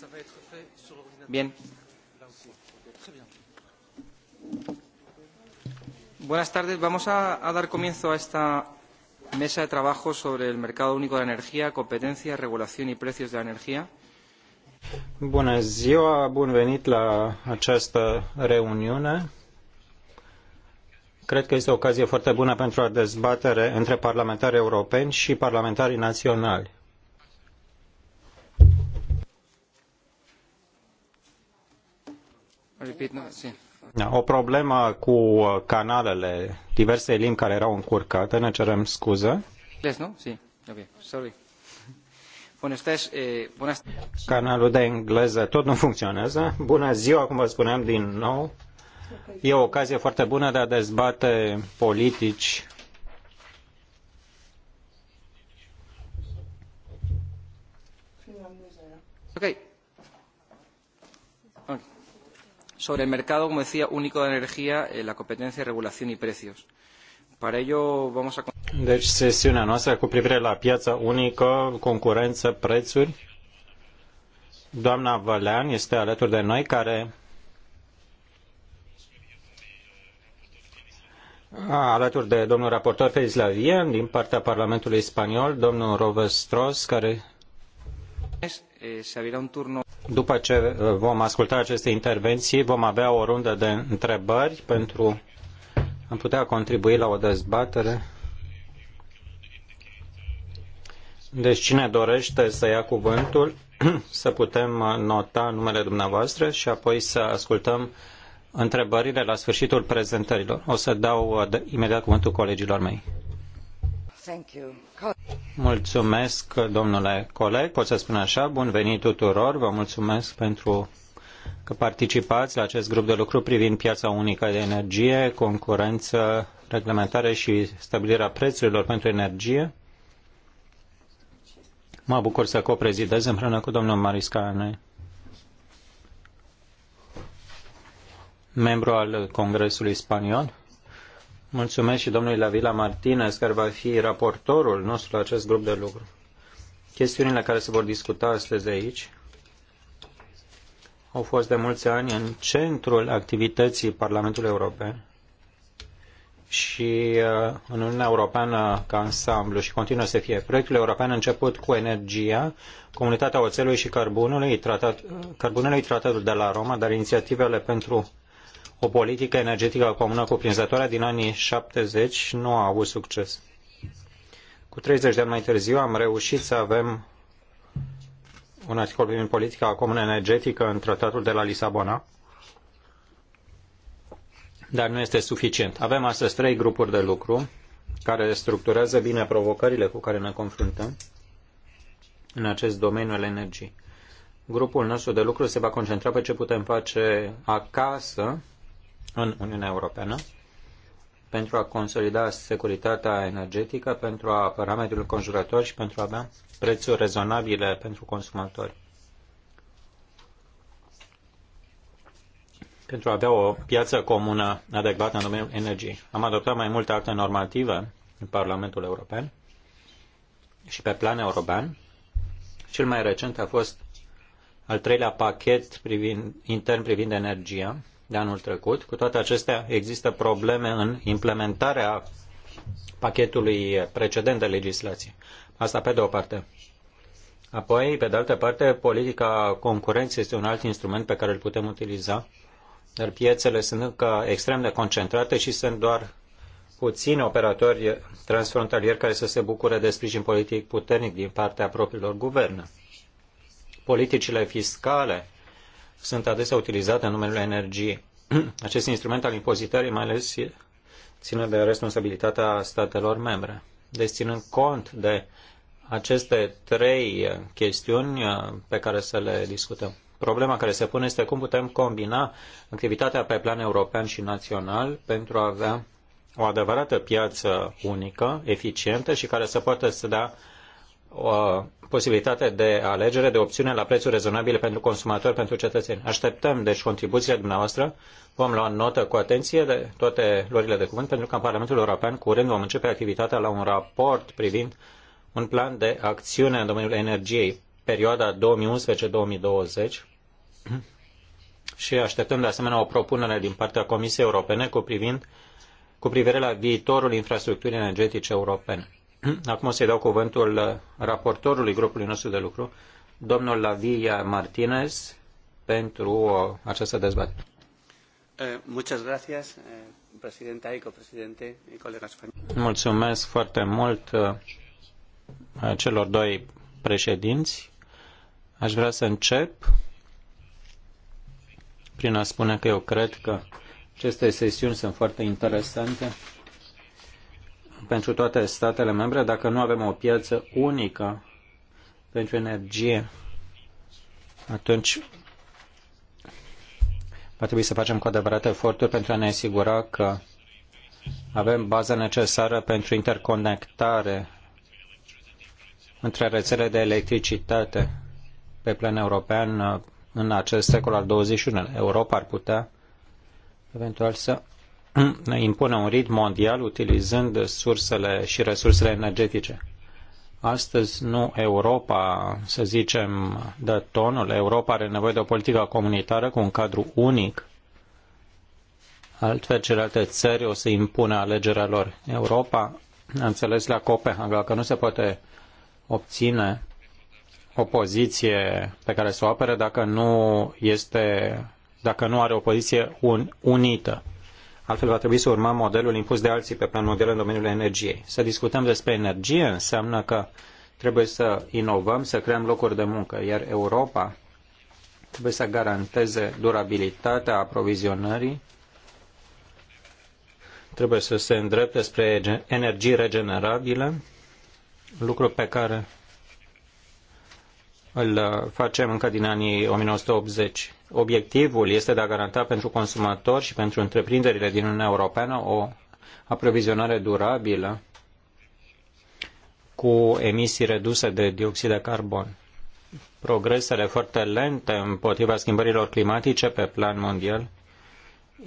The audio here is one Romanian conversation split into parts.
Ça va être fait sur l'ordinateur. Bien. Là aussi. Très bien. Buenas tardes. Vamos a, a dar comienzo a esta mesa de trabajo sobre el mercado único de energía, competencia, regulación y precios de la energía. Bună ziua, bun venit la această reuniune. Cred că este o ocazie foarte bună pentru a dezbatere între parlamentari europeni și parlamentarii naționali. Da, o problemă cu canalele, diverse limbi care erau încurcate, ne cerem scuze. Canalul de engleză tot nu funcționează. Bună ziua, cum vă spuneam din nou. E o ocazie foarte bună de a dezbate politici sobre el mercado, como decía, único de energía, eh, la competencia, regulación y precios. Para ello vamos a... Deci sesiunea noastră cu privire la piața unică, concurență, prețuri. Doamna Vălean este alături de noi, care alături de domnul raportor Feliz Lavien din partea Parlamentului Spaniol, domnul Rovestros, care... Eh, se un turno după ce uh, vom asculta aceste intervenții, vom avea o rundă de întrebări pentru a putea contribui la o dezbatere. Deci cine dorește să ia cuvântul, să putem uh, nota numele dumneavoastră și apoi să ascultăm întrebările la sfârșitul prezentărilor. O să dau uh, imediat cuvântul colegilor mei. Mulțumesc, domnule coleg, pot să spun așa, bun venit tuturor, vă mulțumesc pentru că participați la acest grup de lucru privind piața unică de energie, concurență, reglementare și stabilirea prețurilor pentru energie. Mă bucur să coprezidez împreună cu domnul Mariscane, membru al Congresului Spaniol. Mulțumesc și domnului Lavila Martinez, care va fi raportorul nostru la acest grup de lucru. Chestiunile care se vor discuta astăzi aici au fost de mulți ani în centrul activității Parlamentului European și uh, în Uniunea Europeană ca ansamblu și continuă să fie. Proiectul european a început cu energia, comunitatea oțelului și carbonului, tratat, uh, carbonului tratatul de la Roma, dar inițiativele pentru o politică energetică comună cuprinzătoare din anii 70 nu a avut succes. Cu 30 de ani mai târziu am reușit să avem un articol privind politica comună energetică în tratatul de la Lisabona, dar nu este suficient. Avem astăzi trei grupuri de lucru care structurează bine provocările cu care ne confruntăm în acest domeniu al energiei. Grupul nostru de lucru se va concentra pe ce putem face acasă în Uniunea Europeană pentru a consolida securitatea energetică, pentru a apăra mediul conjurător și pentru a avea prețuri rezonabile pentru consumatori. Pentru a avea o piață comună adecvată în domeniul energiei. Am adoptat mai multe acte normative în Parlamentul European și pe plan european. Cel mai recent a fost al treilea pachet privind, intern privind energia, de anul trecut. Cu toate acestea, există probleme în implementarea pachetului precedent de legislație. Asta pe de o parte. Apoi, pe de altă parte, politica concurenței este un alt instrument pe care îl putem utiliza, dar piețele sunt încă extrem de concentrate și sunt doar puțini operatori transfrontalieri care să se bucure de sprijin politic puternic din partea propriilor guverne. Politicile fiscale sunt adesea utilizate în numele energiei. Acest instrument al impozitării mai ales ține de responsabilitatea statelor membre. Deci ținând cont de aceste trei uh, chestiuni uh, pe care să le discutăm. Problema care se pune este cum putem combina activitatea pe plan european și național pentru a avea o adevărată piață unică, eficientă și care să poată să dea o posibilitate de alegere, de opțiune la prețuri rezonabile pentru consumatori, pentru cetățeni. Așteptăm, deci, contribuțiile dumneavoastră. Vom lua notă cu atenție de toate lorile de cuvânt, pentru că în Parlamentul European curând vom începe activitatea la un raport privind un plan de acțiune în domeniul energiei, perioada 2011-2020 și așteptăm de asemenea o propunere din partea Comisiei Europene cu, privind, cu privire la viitorul infrastructurii energetice europene. Acum o să-i dau cuvântul uh, raportorului grupului nostru de lucru, domnul Lavia Martinez, pentru uh, această dezbatere. Eh, muchas gracias, eh, presidenta y copresidente y eh, colegas Mulțumesc foarte mult uh, celor doi președinți. Aș vrea să încep prin a spune că eu cred că aceste sesiuni sunt foarte interesante pentru toate statele membre dacă nu avem o piață unică pentru energie. Atunci va trebui să facem cu adevărat eforturi pentru a ne asigura că avem baza necesară pentru interconectare între rețele de electricitate pe plan european uh, în acest secol al XXI-lea. Europa ar putea eventual să impune un ritm mondial utilizând sursele și resursele energetice. Astăzi nu Europa, să zicem, dă tonul. Europa are nevoie de o politică comunitară cu un cadru unic. Altfel, celelalte țări o să impună alegerea lor. Europa a înțeles la Copenhaga că nu se poate obține o poziție pe care să o apere dacă nu, este, dacă nu are o poziție un, unită. Altfel va trebui să urmăm modelul impus de alții pe plan mondial în domeniul energiei. Să discutăm despre energie înseamnă că trebuie să inovăm, să creăm locuri de muncă, iar Europa trebuie să garanteze durabilitatea aprovizionării, trebuie să se îndrepte spre energii regenerabile, lucru pe care îl uh, facem încă din anii 1980. Obiectivul este de a garanta pentru consumatori și pentru întreprinderile din Uniunea Europeană o aprovizionare durabilă cu emisii reduse de dioxid de carbon. Progresele foarte lente împotriva schimbărilor climatice pe plan mondial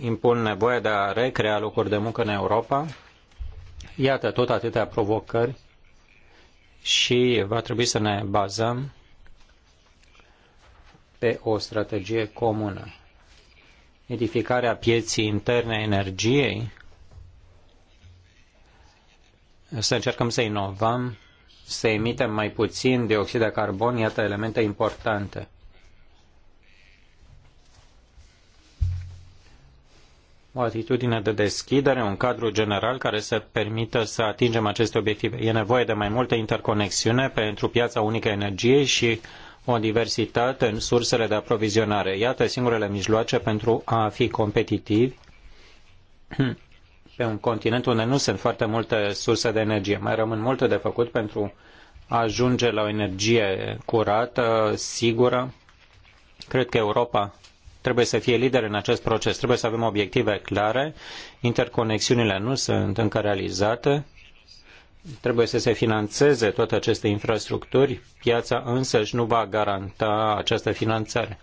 impun nevoia de a recrea locuri de muncă în Europa. Iată tot atâtea provocări și va trebui să ne bazăm pe o strategie comună. Edificarea pieții interne a energiei, să încercăm să inovăm, să emitem mai puțin dioxid de carbon, iată elemente importante. o atitudine de deschidere, un cadru general care să permită să atingem aceste obiective. E nevoie de mai multă interconexiune pentru piața unică a energiei și o diversitate în sursele de aprovizionare. Iată singurele mijloace pentru a fi competitivi pe un continent unde nu sunt foarte multe surse de energie. Mai rămân multe de făcut pentru a ajunge la o energie curată, sigură. Cred că Europa trebuie să fie lider în acest proces. Trebuie să avem obiective clare. Interconexiunile nu sunt încă realizate trebuie să se finanțeze toate aceste infrastructuri, piața însăși nu va garanta această finanțare.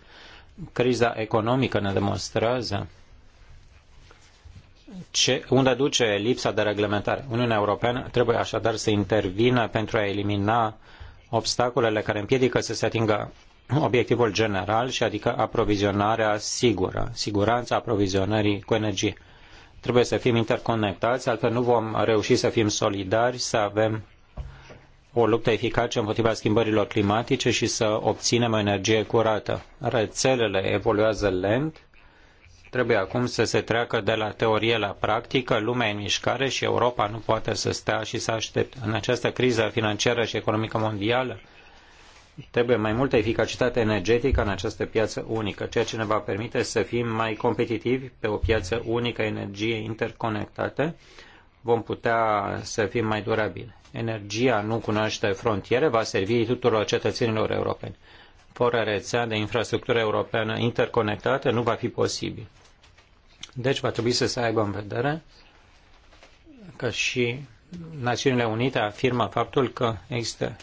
Criza economică ne demonstrează ce, unde duce lipsa de reglementare. Uniunea Europeană trebuie așadar să intervină pentru a elimina obstacolele care împiedică să se atingă obiectivul general și adică aprovizionarea sigură, siguranța aprovizionării cu energie. Trebuie să fim interconectați, altfel nu vom reuși să fim solidari, să avem o luptă eficace împotriva schimbărilor climatice și să obținem o energie curată. Rețelele evoluează lent, trebuie acum să se treacă de la teorie la practică, lumea e în mișcare și Europa nu poate să stea și să aștepte. În această criză financiară și economică mondială, Trebuie mai multă eficacitate energetică în această piață unică, ceea ce ne va permite să fim mai competitivi pe o piață unică energie interconectate, vom putea să fim mai durabili. Energia nu cunoaște frontiere, va servi tuturor cetățenilor europeni. Fără rețea de infrastructură europeană interconectată nu va fi posibil. Deci va trebui să se aibă în vedere că și Națiunile Unite afirmă faptul că există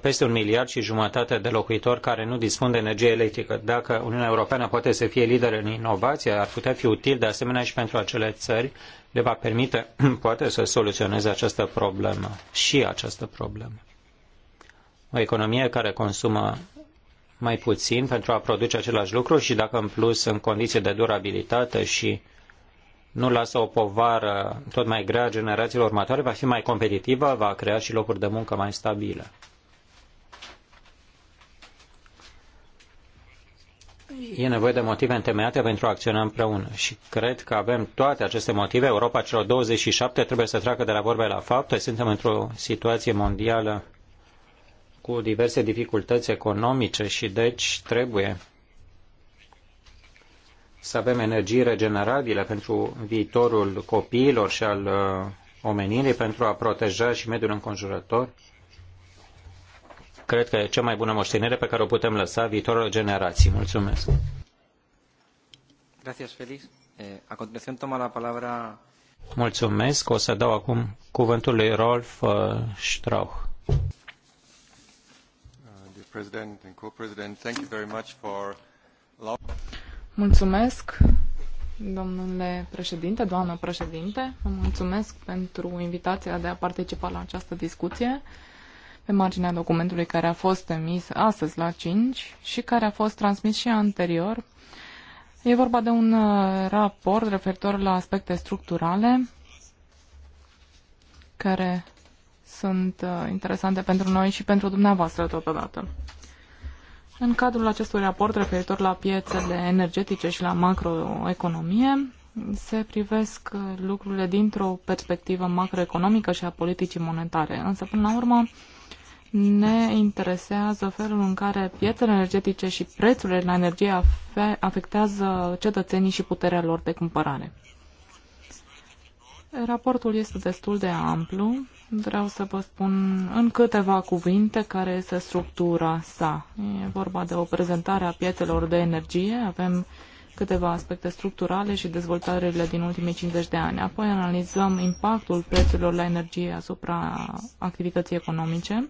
peste un miliard și jumătate de locuitori care nu dispun de energie electrică. Dacă Uniunea Europeană poate să fie lider în inovație, ar putea fi util de asemenea și pentru acele țări, le va permite poate să soluționeze această problemă și această problemă. O economie care consumă mai puțin pentru a produce același lucru și dacă în plus în condiții de durabilitate și nu lasă o povară tot mai grea generațiilor următoare, va fi mai competitivă, va crea și locuri de muncă mai stabile. e nevoie de motive întemeiate pentru a acționa împreună. Și cred că avem toate aceste motive. Europa celor 27 trebuie să treacă de la vorbe la fapte. Suntem într-o situație mondială cu diverse dificultăți economice și deci trebuie să avem energii regenerabile pentru viitorul copiilor și al uh, omenirii, pentru a proteja și mediul înconjurător cred că e cea mai bună moștenire pe care o putem lăsa viitorilor generații. Mulțumesc. Gracias, Felix. Eh, a continuación toma la palabra... Mulțumesc. O să dau acum cuvântul lui Rolf eh, Strauch. Uh, mulțumesc, domnule președinte, doamnă președinte. Vă mulțumesc pentru invitația de a participa la această discuție. Uh, pe marginea documentului care a fost emis astăzi la 5 și care a fost transmis și anterior. E vorba de un uh, raport referitor la aspecte structurale care sunt uh, interesante pentru noi și pentru dumneavoastră totodată. În cadrul acestui raport referitor la piețele energetice și la macroeconomie, se privesc uh, lucrurile dintr-o perspectivă macroeconomică și a politicii monetare. Însă, până la urmă, ne interesează felul în care piețele energetice și prețurile la energie afectează cetățenii și puterea lor de cumpărare. Raportul este destul de amplu. Vreau să vă spun în câteva cuvinte care este structura sa. E vorba de o prezentare a piețelor de energie. Avem câteva aspecte structurale și dezvoltările din ultimii 50 de ani. Apoi analizăm impactul prețurilor la energie asupra activității economice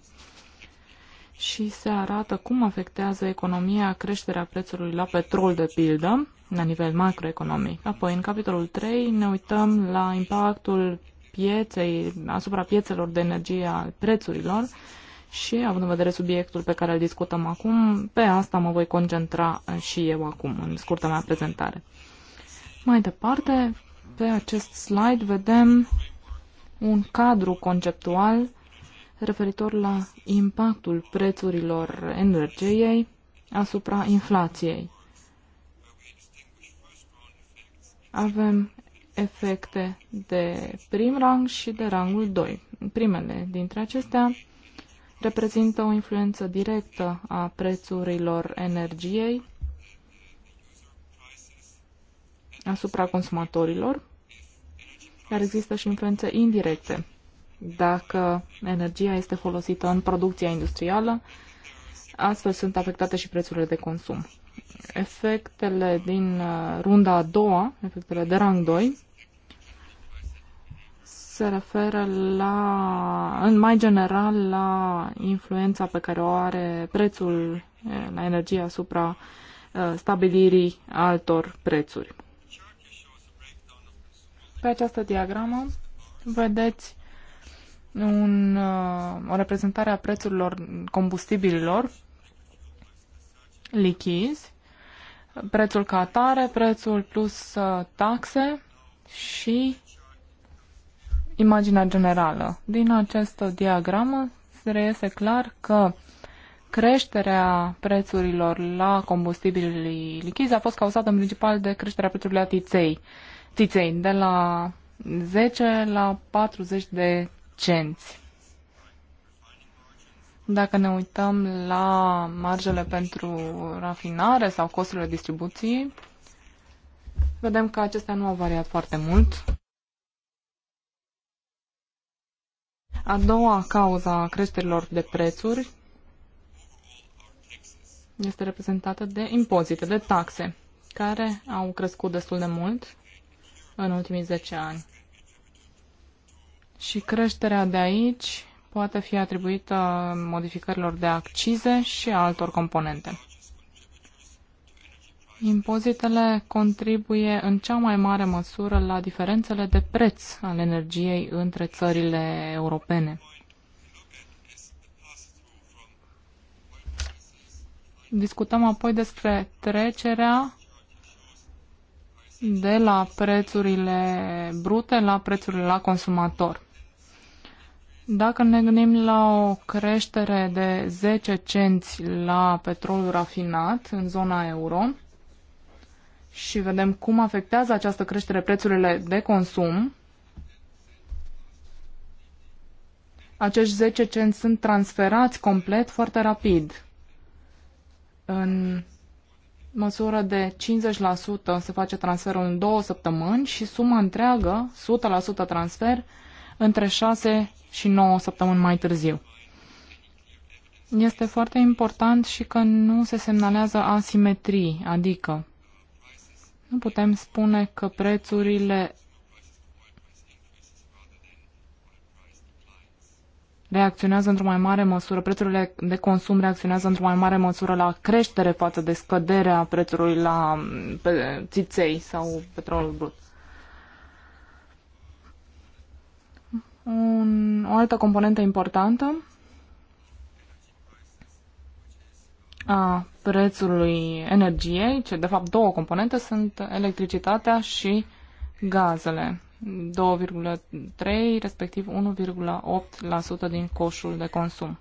și se arată cum afectează economia creșterea prețului la petrol, de pildă, la nivel macroeconomic. Apoi, în capitolul 3, ne uităm la impactul pieței, asupra piețelor de energie al prețurilor și, având în vedere subiectul pe care îl discutăm acum, pe asta mă voi concentra și eu acum, în scurta mea prezentare. Mai departe, pe acest slide vedem un cadru conceptual referitor la impactul prețurilor energiei asupra inflației. Avem efecte de prim rang și de rangul 2. Primele dintre acestea reprezintă o influență directă a prețurilor energiei asupra consumatorilor, dar există și influențe indirecte dacă energia este folosită în producția industrială, astfel sunt afectate și prețurile de consum. Efectele din uh, runda a doua, efectele de rang 2, se referă la, în mai general, la influența pe care o are prețul eh, la energie asupra eh, stabilirii altor prețuri. Pe această diagramă vedeți un, uh, o reprezentare a prețurilor combustibililor lichizi, prețul ca atare, prețul plus uh, taxe și imaginea generală. Din această diagramă se reiese clar că creșterea prețurilor la combustibilii lichizi a fost cauzată în principal de creșterea prețurilor la tiței, tiței de la 10 la 40 de decenți. Dacă ne uităm la marjele pentru rafinare sau costurile distribuției, vedem că acestea nu au variat foarte mult. A doua cauza creșterilor de prețuri este reprezentată de impozite, de taxe, care au crescut destul de mult în ultimii 10 ani și creșterea de aici poate fi atribuită modificărilor de accize și altor componente. Impozitele contribuie în cea mai mare măsură la diferențele de preț al energiei între țările europene. Discutăm apoi despre trecerea de la prețurile brute la prețurile la consumator. Dacă ne gândim la o creștere de 10 cenți la petrolul rafinat în zona euro și vedem cum afectează această creștere prețurile de consum, acești 10 cenți sunt transferați complet foarte rapid. În măsură de 50% se face transferul în două săptămâni și suma întreagă, 100% transfer, între 6 și 9 săptămâni mai târziu. Este foarte important și că nu se semnalează asimetrii, adică nu putem spune că prețurile reacționează într-o mai mare măsură, prețurile de consum reacționează într-o mai mare măsură la creștere față de scăderea prețului la țiței sau petrolul brut. Un, o altă componentă importantă a prețului energiei, ce de fapt două componente sunt electricitatea și gazele. 2,3 respectiv 1,8% din coșul de consum.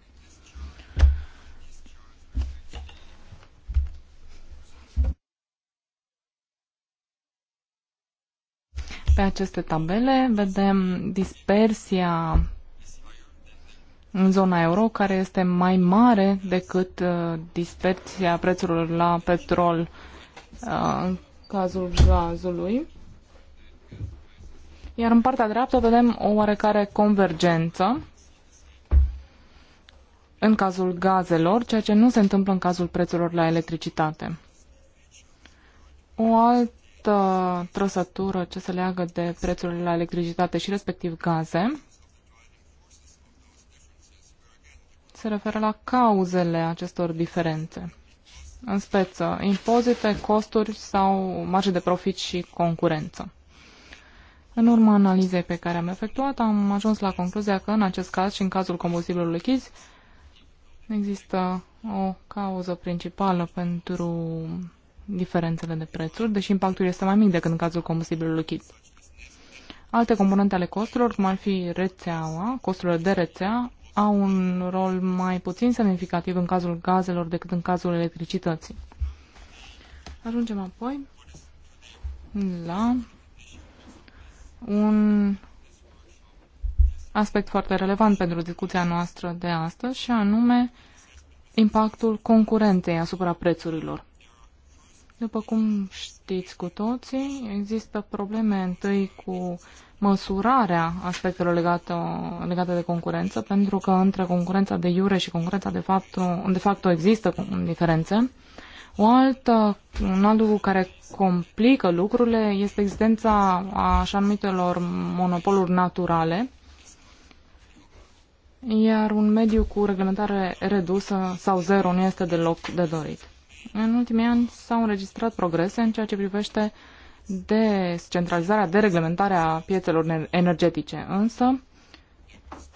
Pe aceste tabele vedem dispersia în zona euro, care este mai mare decât uh, dispersia prețurilor la petrol uh, în cazul gazului. Iar în partea dreaptă vedem o oarecare convergență în cazul gazelor, ceea ce nu se întâmplă în cazul prețurilor la electricitate. O alt această trăsătură ce se leagă de prețurile la electricitate și respectiv gaze se referă la cauzele acestor diferențe. În speță, impozite, costuri sau marge de profit și concurență. În urma analizei pe care am efectuat, am ajuns la concluzia că în acest caz și în cazul combustibilului lichizi există o cauză principală pentru diferențele de prețuri, deși impactul este mai mic decât în cazul combustibilului lichid. Alte componente ale costurilor, cum ar fi rețeaua, costurile de rețea, au un rol mai puțin semnificativ în cazul gazelor decât în cazul electricității. Ajungem apoi la un aspect foarte relevant pentru discuția noastră de astăzi și anume impactul concurenței asupra prețurilor. După cum știți cu toții, există probleme întâi cu măsurarea aspectelor legate, legate de concurență, pentru că între concurența de iure și concurența de fapt, de fapt există diferențe. O altă, un alt lucru care complică lucrurile este existența a așa numitelor monopoluri naturale, iar un mediu cu reglementare redusă sau zero nu este deloc de dorit. În ultimii ani s-au înregistrat progrese în ceea ce privește descentralizarea, dereglementarea piețelor energetice, însă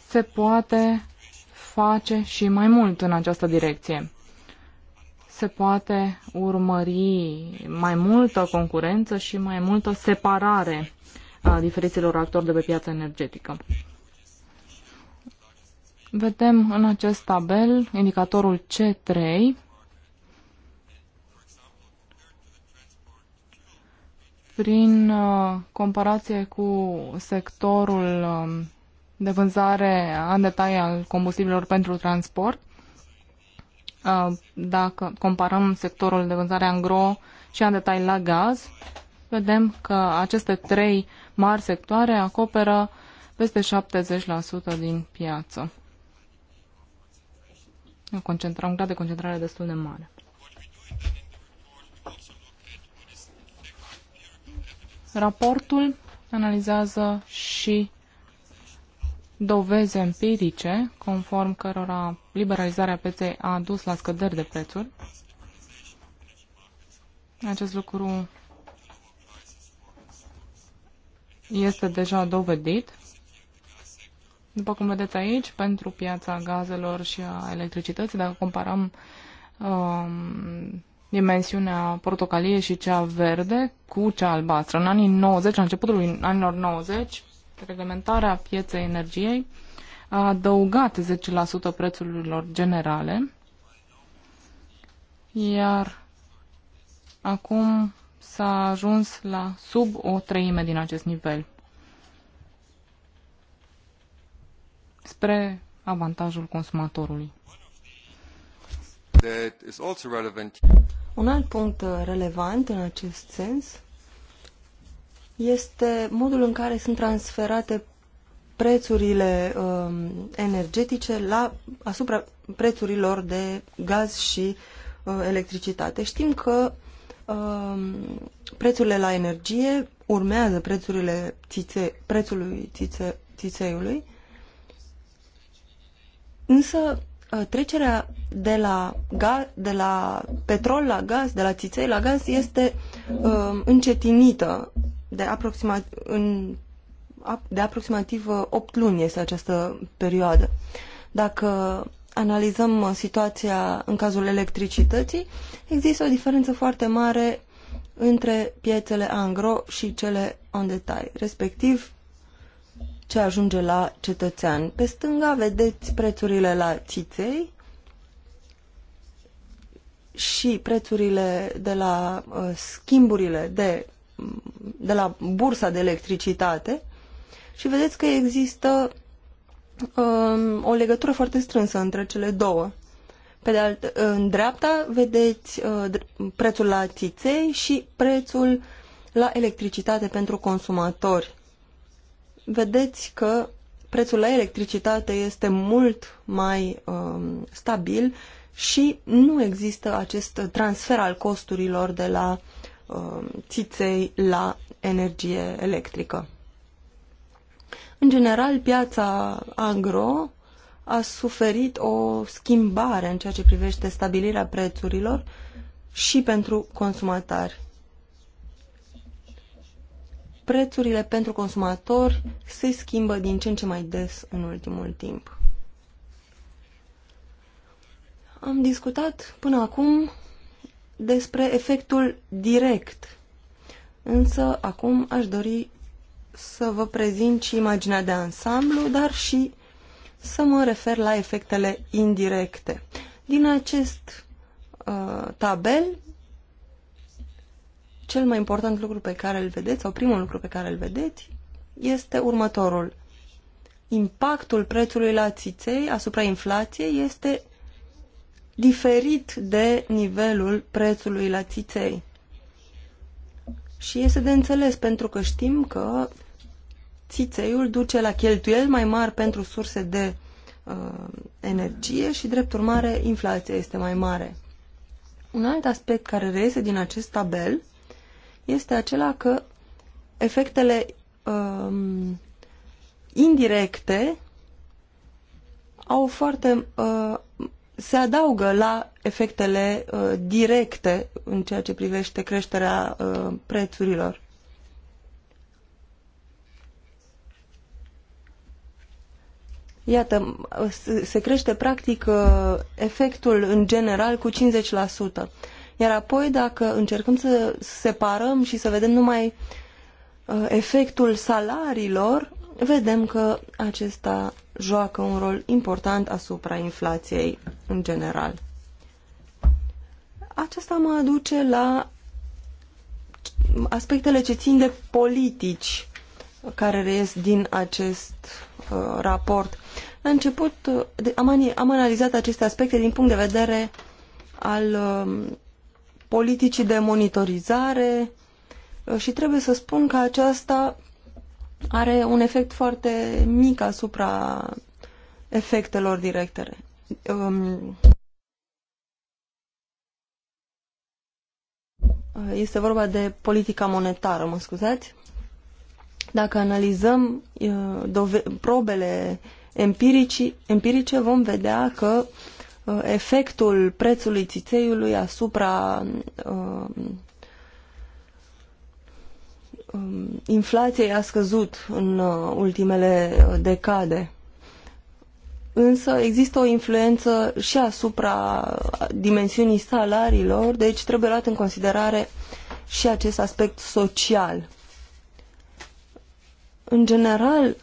se poate face și mai mult în această direcție. Se poate urmări mai multă concurență și mai multă separare a diferiților actori de pe piața energetică. Vedem în acest tabel indicatorul C3, prin uh, comparație cu sectorul um, de vânzare în detalii al combustibilor pentru transport, uh, dacă comparăm sectorul de vânzare gro și în detalii la gaz, vedem că aceste trei mari sectoare acoperă peste 70% din piață. Concentrăm un grad de concentrare destul de mare. Raportul analizează și doveze empirice conform cărora liberalizarea pieței a dus la scăderi de prețuri. Acest lucru este deja dovedit. După cum vedeți aici, pentru piața gazelor și a electricității, dacă comparăm um, dimensiunea portocalie și cea verde cu cea albastră. În anii 90, la începutul anilor 90, reglementarea pieței energiei a adăugat 10% prețurilor generale, iar acum s-a ajuns la sub o treime din acest nivel. Spre avantajul consumatorului that is also relevant. Un alt punct uh, relevant în acest sens este modul în care sunt transferate prețurile um, energetice la, asupra prețurilor de gaz și uh, electricitate. Știm că um, prețurile la energie urmează prețurile țițe, prețului țițe, țițeiului, însă Uh, trecerea de la, ga, de la petrol la gaz, de la țiței la gaz, este uh, încetinită de, în, de aproximativ 8 uh, luni este această perioadă. Dacă analizăm uh, situația în cazul electricității, există o diferență foarte mare între piețele angro și cele on detail, respectiv ce ajunge la cetățean. Pe stânga vedeți prețurile la țiței și prețurile de la uh, schimburile de, de la bursa de electricitate și vedeți că există uh, o legătură foarte strânsă între cele două. Pe de alt, în dreapta vedeți uh, prețul la țiței și prețul la electricitate pentru consumatori vedeți că prețul la electricitate este mult mai um, stabil și nu există acest transfer al costurilor de la um, țiței la energie electrică. În general, piața agro a suferit o schimbare în ceea ce privește stabilirea prețurilor și pentru consumatari prețurile pentru consumatori se schimbă din ce în ce mai des în ultimul timp. Am discutat până acum despre efectul direct, însă acum aș dori să vă prezint și imaginea de ansamblu, dar și să mă refer la efectele indirecte. Din acest uh, tabel cel mai important lucru pe care îl vedeți, sau primul lucru pe care îl vedeți, este următorul. Impactul prețului la țiței asupra inflației este diferit de nivelul prețului la țiței. Și este de înțeles pentru că știm că țițeiul duce la cheltuieli mai mari pentru surse de uh, energie și, drept urmare, inflația este mai mare. Un alt aspect care reiese din acest tabel este acela că efectele um, indirecte au foarte uh, se adaugă la efectele uh, directe în ceea ce privește creșterea uh, prețurilor. Iată, se crește practic uh, efectul în general cu 50%. Iar apoi, dacă încercăm să separăm și să vedem numai uh, efectul salariilor, vedem că acesta joacă un rol important asupra inflației în general. Aceasta mă aduce la aspectele ce țin de politici care reies din acest uh, raport. La început uh, am, am analizat aceste aspecte din punct de vedere al uh, politicii de monitorizare uh, și trebuie să spun că aceasta are un efect foarte mic asupra efectelor directe. Um, uh, este vorba de politica monetară, mă scuzați. Dacă analizăm uh, probele empirici, empirice, vom vedea că uh, Uh, efectul prețului țițeiului asupra uh, um, inflației a scăzut în uh, ultimele decade. Însă există o influență și asupra dimensiunii salariilor, deci trebuie luat în considerare și acest aspect social. În general,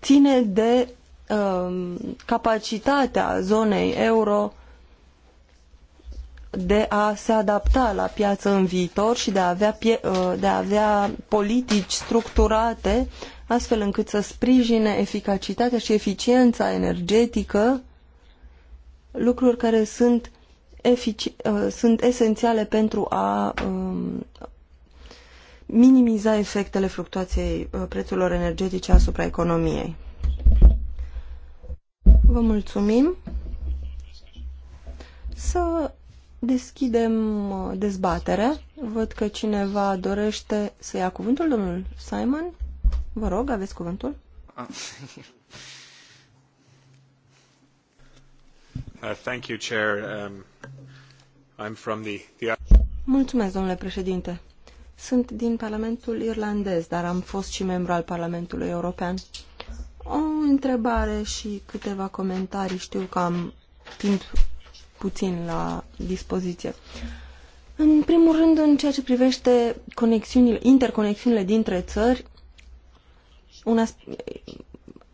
ține de Um, capacitatea zonei euro de a se adapta la piață în viitor și de a avea, uh, de a avea politici structurate astfel încât să sprijine eficacitatea și eficiența energetică, lucruri care sunt, uh, sunt esențiale pentru a um, minimiza efectele fluctuației uh, prețurilor energetice asupra economiei. Vă mulțumim. Să deschidem uh, dezbaterea. Văd că cineva dorește să ia cuvântul, domnul Simon. Vă rog, aveți cuvântul. Ah. Uh, thank you, Chair. Um, I'm from the, the... Mulțumesc, domnule președinte. Sunt din Parlamentul irlandez, dar am fost și membru al Parlamentului European. O întrebare și câteva comentarii. Știu că am timp puțin la dispoziție. În primul rând, în ceea ce privește conexiunile, interconexiunile dintre țări, una,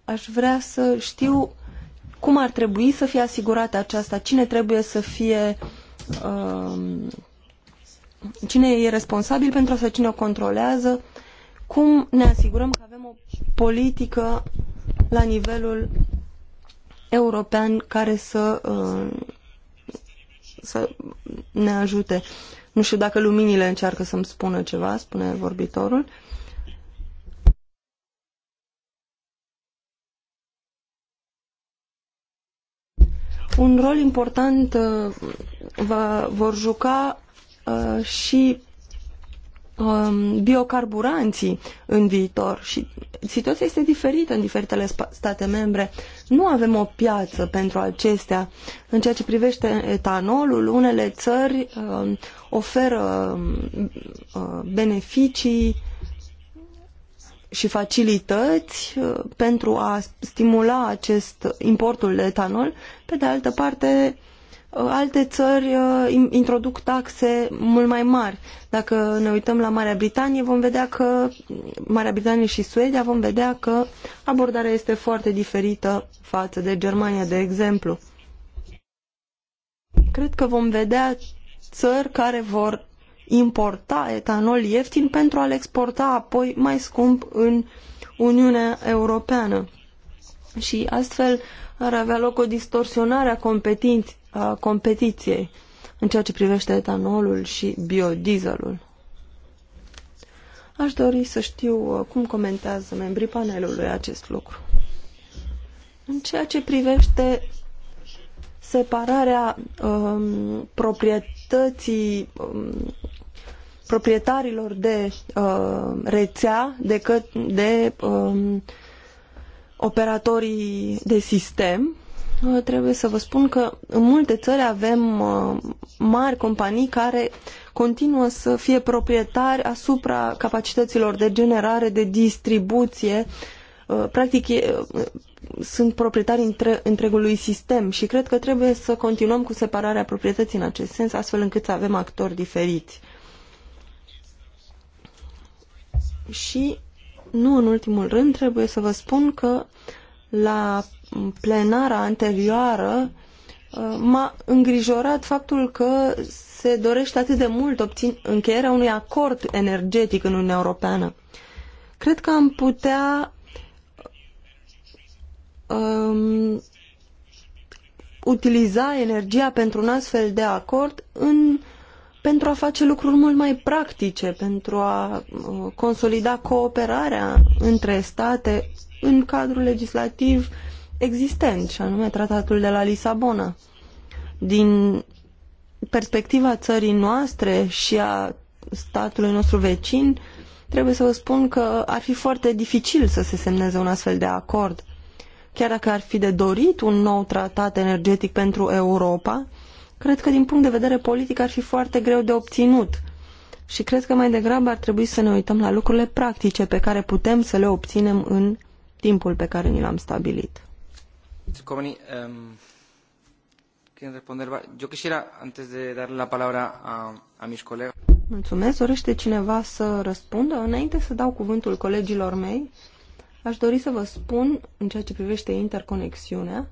aș vrea să știu cum ar trebui să fie asigurată aceasta, cine trebuie să fie um, cine e responsabil pentru asta, cine o controlează, cum ne asigurăm că avem o politică la nivelul european care să, uh, să ne ajute. Nu știu dacă luminile încearcă să-mi spună ceva, spune vorbitorul. Un rol important uh, va, vor juca uh, și um, biocarburanții în viitor și situația este diferită în diferitele state membre. Nu avem o piață pentru acestea. În ceea ce privește etanolul, unele țări um, oferă um, uh, beneficii și facilități uh, pentru a stimula acest importul de etanol. Pe de altă parte, Uh, alte țări uh, introduc taxe mult mai mari. Dacă ne uităm la Marea Britanie, vom vedea că Marea Britanie și Suedia vom vedea că abordarea este foarte diferită față de Germania, de exemplu. Cred că vom vedea țări care vor importa etanol ieftin pentru a-l exporta apoi mai scump în Uniunea Europeană. Și astfel ar avea loc o distorsionare a competiției competiției în ceea ce privește etanolul și biodieselul. Aș dori să știu uh, cum comentează membrii panelului acest lucru. În ceea ce privește separarea um, proprietății um, proprietarilor de um, rețea decât de um, operatorii de sistem, Uh, trebuie să vă spun că în multe țări avem uh, mari companii care continuă să fie proprietari asupra capacităților de generare, de distribuție. Uh, practic sunt proprietari între, întregului sistem și cred că trebuie să continuăm cu separarea proprietății în acest sens, astfel încât să avem actori diferiți. Și, nu în ultimul rând, trebuie să vă spun că la plenara anterioară uh, m-a îngrijorat faptul că se dorește atât de mult obțin, încheierea unui acord energetic în Uniunea Europeană. Cred că am putea um, utiliza energia pentru un astfel de acord în, pentru a face lucruri mult mai practice, pentru a uh, consolida cooperarea între state în cadrul legislativ uh, existent, și anume tratatul de la Lisabona. Din perspectiva țării noastre și a statului nostru vecin, trebuie să vă spun că ar fi foarte dificil să se semneze un astfel de acord. Chiar dacă ar fi de dorit un nou tratat energetic pentru Europa, cred că din punct de vedere politic ar fi foarte greu de obținut. Și cred că mai degrabă ar trebui să ne uităm la lucrurile practice pe care putem să le obținem în timpul pe care ni l-am stabilit. Comeni, quieren responder. Yo quisiera, antes de darle la palabra a, a mis colegas. Mulțumesc. Dorește cineva să răspundă? Înainte să dau cuvântul colegilor mei, aș dori să vă spun, în ceea ce privește interconexiunea,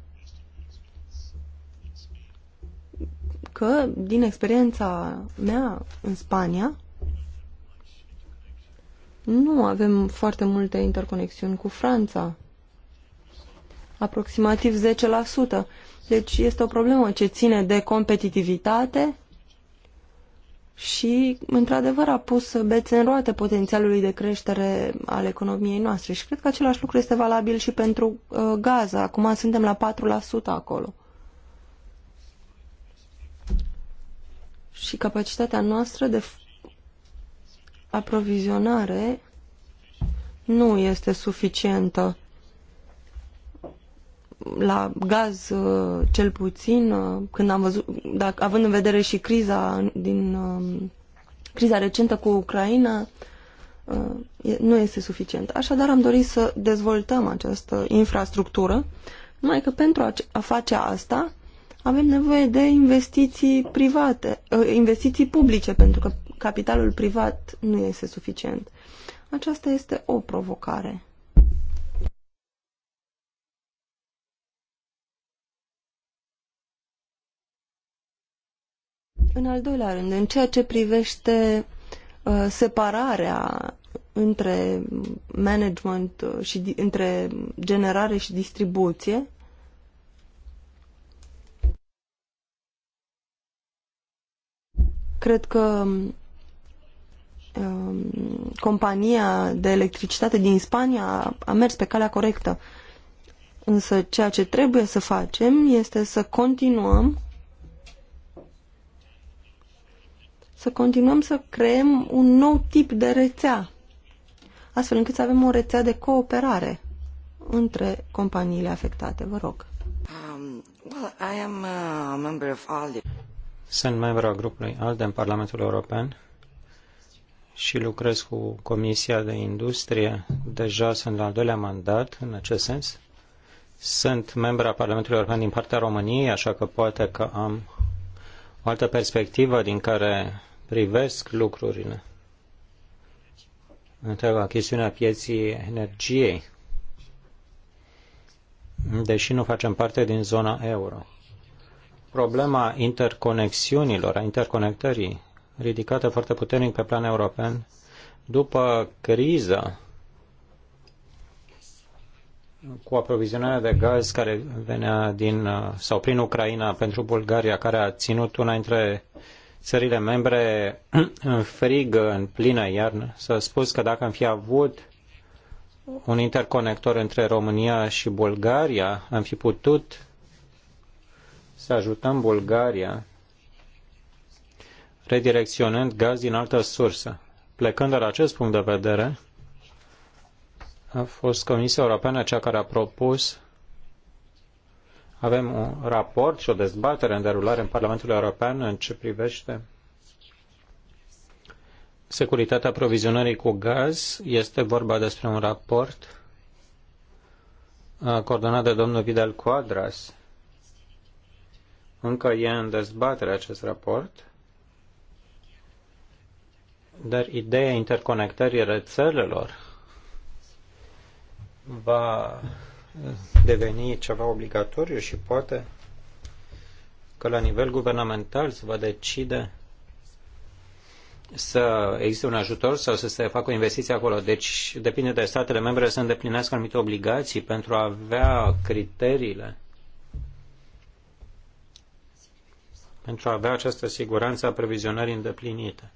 că, din experiența mea în Spania, nu avem foarte multe interconexiuni cu Franța aproximativ 10%. Deci este o problemă ce ține de competitivitate și, într-adevăr, a pus bețe în roate potențialului de creștere al economiei noastre. Și cred că același lucru este valabil și pentru uh, Gaza. Acum suntem la 4% acolo. Și capacitatea noastră de aprovizionare nu este suficientă la gaz uh, cel puțin, uh, când am văzut, dacă, având în vedere și criza din um, criza recentă cu Ucraina, uh, nu este suficient. Așadar am dorit să dezvoltăm această infrastructură, numai că pentru a face asta avem nevoie de investiții private, investiții publice, pentru că capitalul privat nu este suficient. Aceasta este o provocare. În al doilea rând, în ceea ce privește uh, separarea între management uh, și între generare și distribuție, cred că um, compania de electricitate din Spania a mers pe calea corectă. Însă ceea ce trebuie să facem este să continuăm să continuăm să creăm un nou tip de rețea, astfel încât să avem o rețea de cooperare între companiile afectate. Vă rog. Um, well, I am a member of ALDE. Sunt membru al grupului ALDE în Parlamentul European și lucrez cu Comisia de Industrie. Deja sunt la al doilea mandat în acest sens. Sunt membru al Parlamentului European din partea României, așa că poate că am o altă perspectivă din care privesc lucrurile. Întreaga chestiunea pieții energiei, deși nu facem parte din zona euro. Problema interconexiunilor, a interconectării, ridicată foarte puternic pe plan european, după criză cu aprovizionarea de gaz care venea din uh, sau prin Ucraina pentru Bulgaria, care a ținut una dintre țările membre în frig, în plină iarnă. S-a spus că dacă am fi avut un interconector între România și Bulgaria, am fi putut să ajutăm Bulgaria redirecționând gaz din altă sursă. Plecând de la acest punct de vedere, a fost Comisia Europeană cea care a propus avem un raport și o dezbatere în derulare în Parlamentul European în ce privește securitatea aprovizionării cu gaz. Este vorba despre un raport uh, coordonat de domnul Vidal Quadras. Încă e în dezbatere acest raport, dar ideea interconectării rețelelor va deveni ceva obligatoriu și poate că la nivel guvernamental se va decide să existe un ajutor sau să se facă o investiție acolo. Deci depinde de statele membre să îndeplinească anumite obligații pentru a avea criteriile, pentru a avea această siguranță a previzionării îndeplinite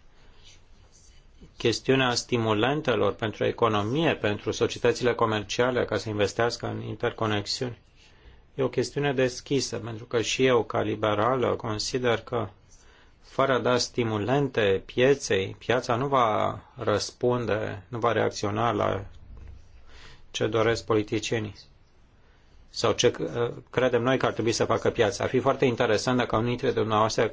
chestiunea stimulentelor pentru economie, pentru societățile comerciale ca să investească în interconexiuni. E o chestiune deschisă, pentru că și eu, ca liberală, consider că fără a da stimulente pieței, piața nu va răspunde, nu va reacționa la ce doresc politicienii sau ce uh, credem noi că ar trebui să facă piața. Ar fi foarte interesant dacă unii dintre dumneavoastră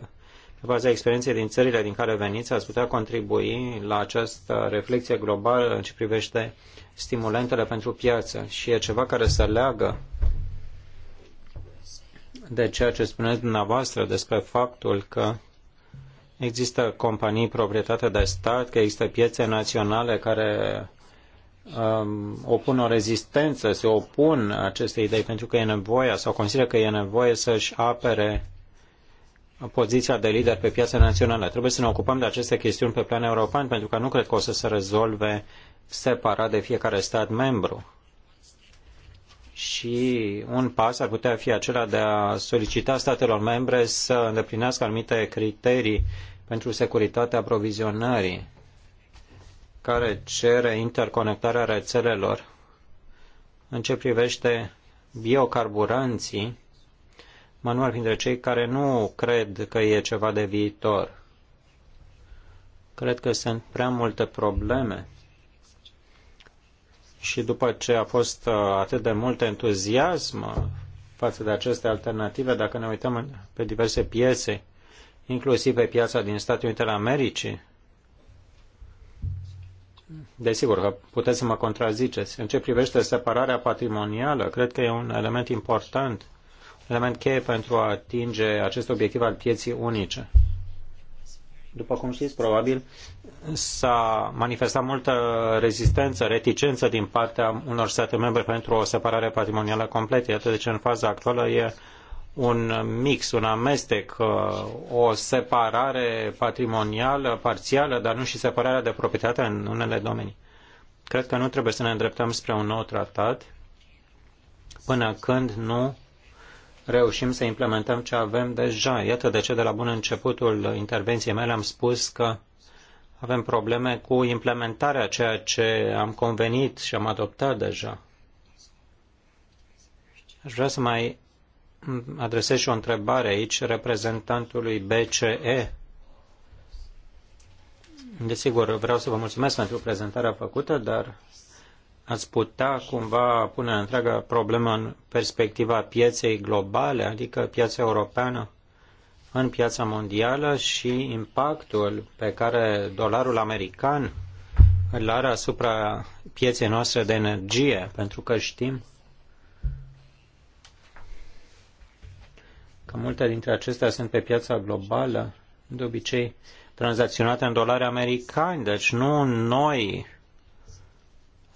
pe baza experienței din țările din care veniți, ați putea contribui la această reflexie globală în ce privește stimulentele pentru piață și e ceva care să leagă de ceea ce spuneți dumneavoastră despre faptul că există companii proprietate de stat, că există piețe naționale care um, opun o rezistență, se opun acestei idei pentru că e nevoie sau consideră că e nevoie să-și apere poziția de lider pe piața națională. Trebuie să ne ocupăm de aceste chestiuni pe plan european, pentru că nu cred că o să se rezolve separat de fiecare stat membru. Și un pas ar putea fi acela de a solicita statelor membre să îndeplinească anumite criterii pentru securitatea aprovizionării, care cere interconectarea rețelelor. În ce privește biocarburanții, Manuel printre cei care nu cred că e ceva de viitor. Cred că sunt prea multe probleme. Și după ce a fost uh, atât de mult entuziasm uh, față de aceste alternative, dacă ne uităm pe diverse piețe, inclusiv pe piața din Statele Unite ale Americii, Desigur că puteți să mă contraziceți. În ce privește separarea patrimonială, cred că e un element important element cheie pentru a atinge acest obiectiv al pieții unice. După cum știți, probabil s-a manifestat multă rezistență, reticență din partea unor state membre pentru o separare patrimonială completă. Iată de ce în faza actuală e un mix, un amestec, uh, o separare patrimonială parțială, dar nu și separarea de proprietate în unele domenii. Cred că nu trebuie să ne îndreptăm spre un nou tratat până când nu reușim să implementăm ce avem deja. Iată de ce de la bun începutul intervenției mele am spus că avem probleme cu implementarea ceea ce am convenit și am adoptat deja. Aș vrea să mai adresez și o întrebare aici reprezentantului BCE. Desigur, vreau să vă mulțumesc pentru prezentarea făcută, dar ați putea cumva pune întreaga problemă în perspectiva pieței globale, adică piața europeană în piața mondială și impactul pe care dolarul american îl are asupra pieței noastre de energie, pentru că știm că multe dintre acestea sunt pe piața globală, de obicei tranzacționate în dolari americani, deci nu noi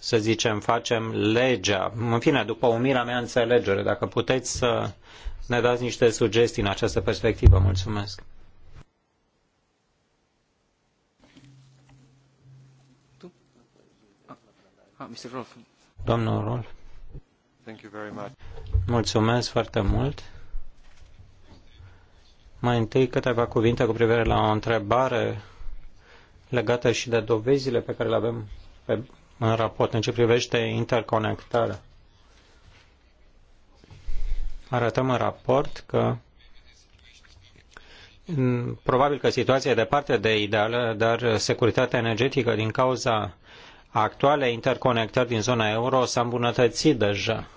să zicem, facem legea. În fine, după umila mea înțelegere, dacă puteți să ne dați niște sugestii în această perspectivă. Mulțumesc. Ah, ah, Mr. Rolf. Domnul Rolf. Thank you very much. Mulțumesc foarte mult. Mai întâi câteva cuvinte cu privire la o întrebare legată și de dovezile pe care le avem pe în raport în ce privește interconectarea. Arătăm în raport că probabil că situația e departe de ideală, dar securitatea energetică din cauza actuale interconectări din zona euro s-a îmbunătățit deja.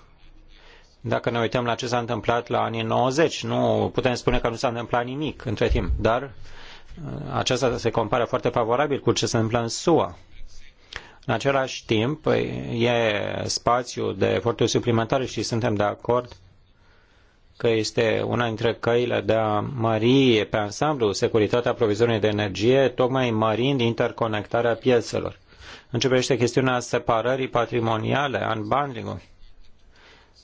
Dacă ne uităm la ce s-a întâmplat la anii 90, nu putem spune că nu s-a întâmplat nimic între timp, dar uh, aceasta se compară foarte favorabil cu ce se întâmplă în SUA. În același timp, păi, e spațiu de eforturi suplimentare și suntem de acord că este una dintre căile de a mări pe ansamblu securitatea aprovizionării de energie, tocmai mărind interconectarea piețelor. Începește chestiunea separării patrimoniale, unbundling-ul.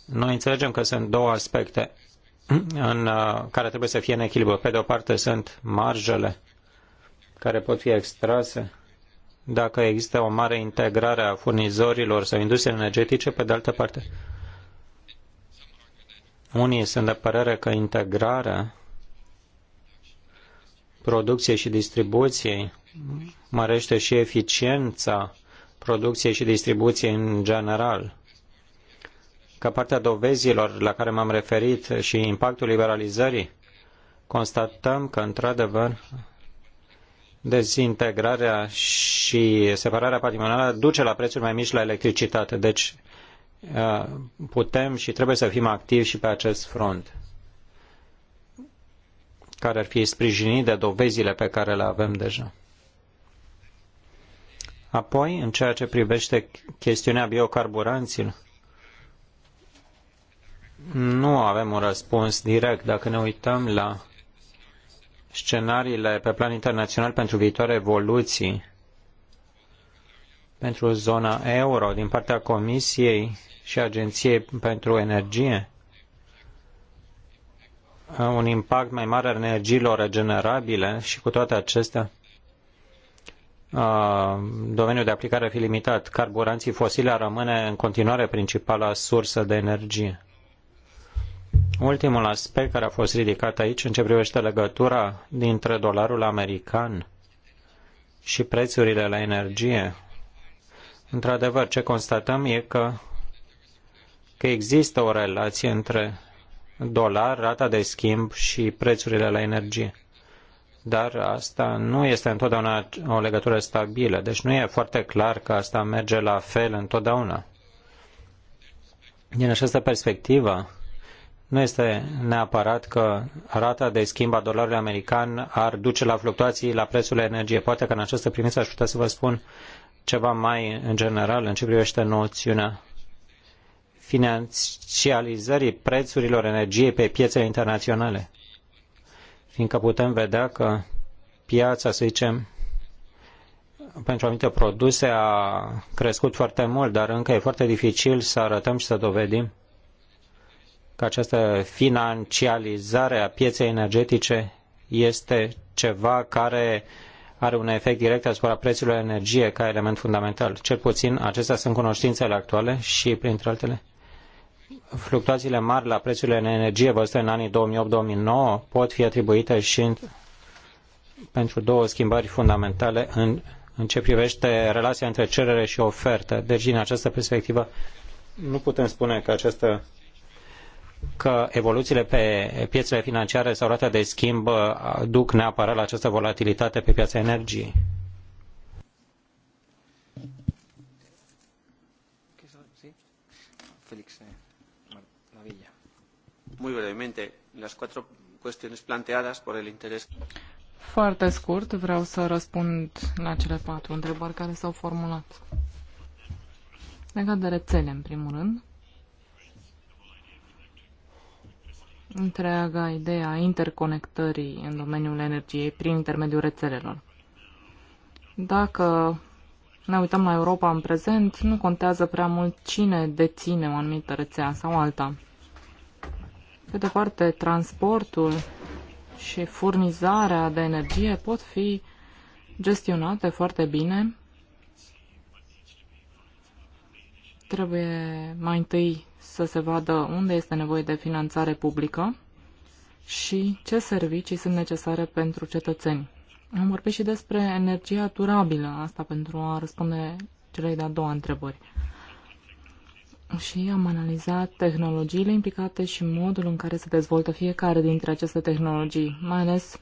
Noi înțelegem că sunt două aspecte în uh, care trebuie să fie în echilibru. Pe de o parte sunt marjele care pot fi extrase dacă există o mare integrare a furnizorilor sau industriei energetice, pe de altă parte, unii sunt de părere că integrarea producției și distribuției mărește și eficiența producției și distribuției în general. Ca parte a dovezilor la care m-am referit și impactul liberalizării, constatăm că, într-adevăr, dezintegrarea și separarea patrimonială duce la prețuri mai mici la electricitate. Deci uh, putem și trebuie să fim activi și pe acest front care ar fi sprijinit de dovezile pe care le avem deja. Apoi, în ceea ce privește chestiunea biocarburanților, nu avem un răspuns direct. Dacă ne uităm la scenariile pe plan internațional pentru viitoare evoluții pentru zona euro din partea Comisiei și Agenției pentru Energie? Un impact mai mare al energiilor regenerabile și cu toate acestea? domeniul de aplicare ar fi limitat. Carburanții fosile ar rămâne în continuare principala sursă de energie. Ultimul aspect care a fost ridicat aici în ce privește legătura dintre dolarul american și prețurile la energie. Într-adevăr, ce constatăm e că, că există o relație între dolar, rata de schimb și prețurile la energie. Dar asta nu este întotdeauna o legătură stabilă, deci nu e foarte clar că asta merge la fel întotdeauna. Din această perspectivă, nu este neapărat că rata de schimb a dolarului american ar duce la fluctuații la prețul energiei. Poate că în această privință aș putea să vă spun ceva mai în general în ce privește noțiunea financializării prețurilor energiei pe piețele internaționale. Fiindcă putem vedea că piața, să zicem, pentru anumite produse a crescut foarte mult, dar încă e foarte dificil să arătăm și să dovedim că această financializare a pieței energetice este ceva care are un efect direct asupra prețului energie ca element fundamental. Cel puțin acestea sunt cunoștințele actuale și, printre altele, fluctuațiile mari la prețurile în energie văzute în anii 2008-2009 pot fi atribuite și în, pentru două schimbări fundamentale în, în ce privește relația între cerere și ofertă. Deci, din această perspectivă, nu putem spune că această că evoluțiile pe piețele financiare sau rata de schimb uh, duc neapărat la această volatilitate pe piața energiei. Eh, Muy brevemente, las cuatro cuestiones planteadas por el interés. Foarte scurt, vreau să răspund la cele patru întrebări care s-au formulat. Legat de rețele, în primul rând. întreaga idee a interconectării în domeniul energiei prin intermediul rețelelor. Dacă ne uităm la Europa în prezent, nu contează prea mult cine deține o anumită rețea sau alta. Pe de parte, transportul și furnizarea de energie pot fi gestionate foarte bine. Trebuie mai întâi să se vadă unde este nevoie de finanțare publică și ce servicii sunt necesare pentru cetățeni. Am vorbit și despre energia durabilă, asta pentru a răspunde celei de-a doua întrebări. Și am analizat tehnologiile implicate și modul în care se dezvoltă fiecare dintre aceste tehnologii, mai ales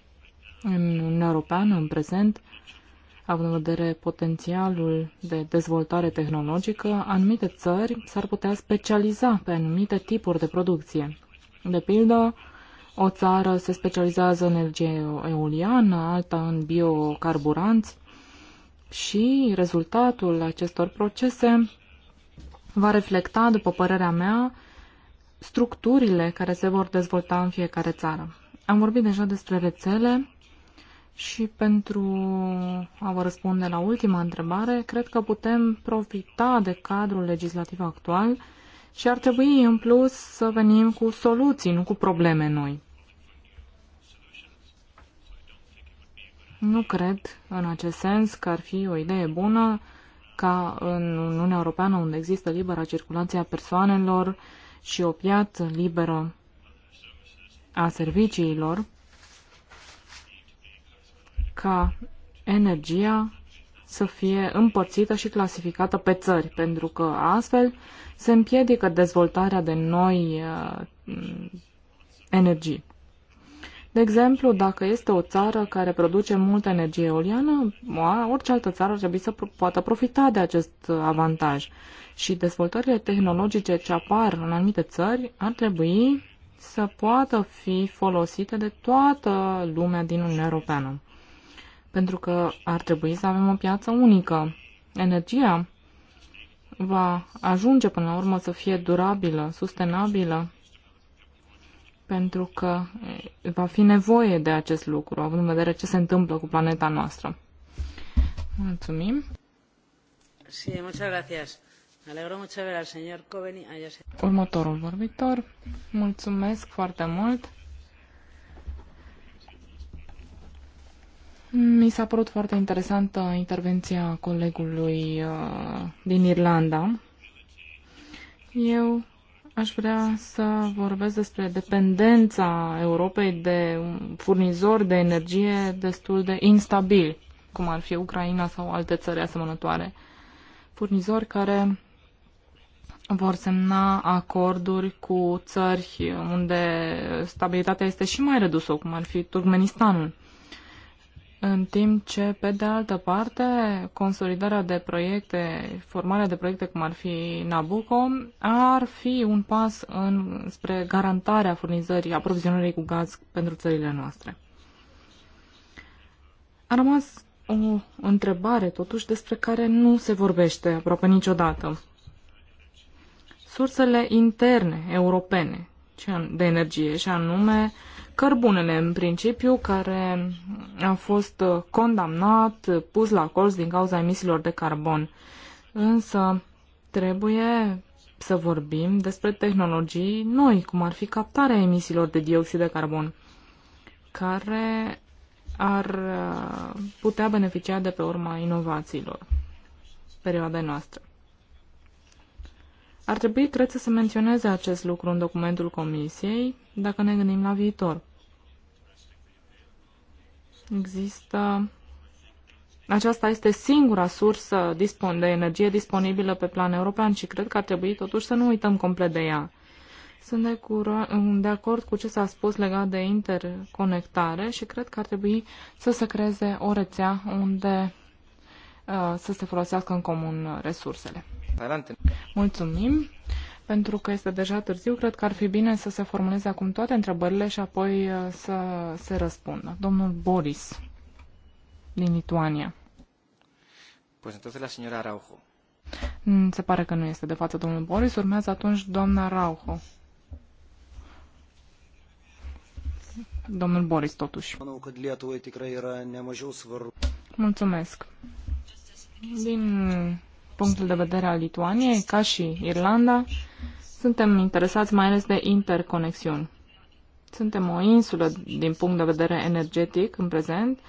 în Uniunea Europeană, în prezent, având în vedere potențialul de dezvoltare tehnologică, anumite țări s-ar putea specializa pe anumite tipuri de producție. De pildă, o țară se specializează în energie eoliană, alta în biocarburanți și rezultatul acestor procese va reflecta, după părerea mea, structurile care se vor dezvolta în fiecare țară. Am vorbit deja despre rețele și pentru a vă răspunde la ultima întrebare, cred că putem profita de cadrul legislativ actual și ar trebui, în plus, să venim cu soluții, nu cu probleme noi. Nu cred, în acest sens, că ar fi o idee bună ca în Uniunea Europeană, unde există libera circulație a persoanelor și o piață liberă a serviciilor, ca energia să fie împărțită și clasificată pe țări, pentru că astfel se împiedică dezvoltarea de noi uh, energii. De exemplu, dacă este o țară care produce multă energie eoliană, orice altă țară ar trebui să poată profita de acest uh, avantaj. Și dezvoltările tehnologice ce apar în anumite țări ar trebui să poată fi folosite de toată lumea din Uniunea Europeană pentru că ar trebui să avem o piață unică. Energia va ajunge până la urmă să fie durabilă, sustenabilă, pentru că va fi nevoie de acest lucru, având în vedere ce se întâmplă cu planeta noastră. Mulțumim. Sí, muchas gracias. Următorul vorbitor. Mulțumesc foarte mult. Mi s-a părut foarte interesantă intervenția colegului uh, din Irlanda. Eu aș vrea să vorbesc despre dependența Europei de un furnizor de energie destul de instabil, cum ar fi Ucraina sau alte țări asemănătoare. Furnizori care vor semna acorduri cu țări unde stabilitatea este și mai redusă, cum ar fi Turkmenistanul în timp ce, pe de altă parte, consolidarea de proiecte, formarea de proiecte cum ar fi Nabucco, ar fi un pas în, spre garantarea furnizării, aprovizionării cu gaz pentru țările noastre. A rămas o întrebare, totuși, despre care nu se vorbește aproape niciodată. Sursele interne europene de energie, și anume uh, cărbunele, în principiu, care a fost uh, condamnat, uh, pus la colț din cauza emisiilor de carbon. Însă trebuie să vorbim despre tehnologii noi, cum ar fi captarea emisiilor de dioxid de carbon, care ar uh, putea beneficia de pe urma inovațiilor perioadei noastre. Ar trebui, cred, să se menționeze acest lucru în documentul Comisiei, dacă ne gândim la viitor. Există... Aceasta este singura sursă de energie disponibilă pe plan european și cred că ar trebui totuși să nu uităm complet de ea. Sunt de, de acord cu ce s-a spus legat de interconectare și cred că ar trebui să se creeze o rețea unde uh, să se folosească în comun resursele. Mulțumim. Pentru că este deja târziu, cred că ar fi bine să se formuleze acum toate întrebările și apoi uh, să se răspundă. Domnul Boris din Lituania. Pues entonces la señora Araujo. Mm, se pare că nu este de față domnul Boris, urmează atunci doamna Araujo. Domnul Boris, totuși. Mulțumesc. Din punctul de vedere al Lituaniei, ca și Irlanda, suntem interesați mai ales de interconexiuni. Suntem o insulă din punct de vedere energetic în prezent.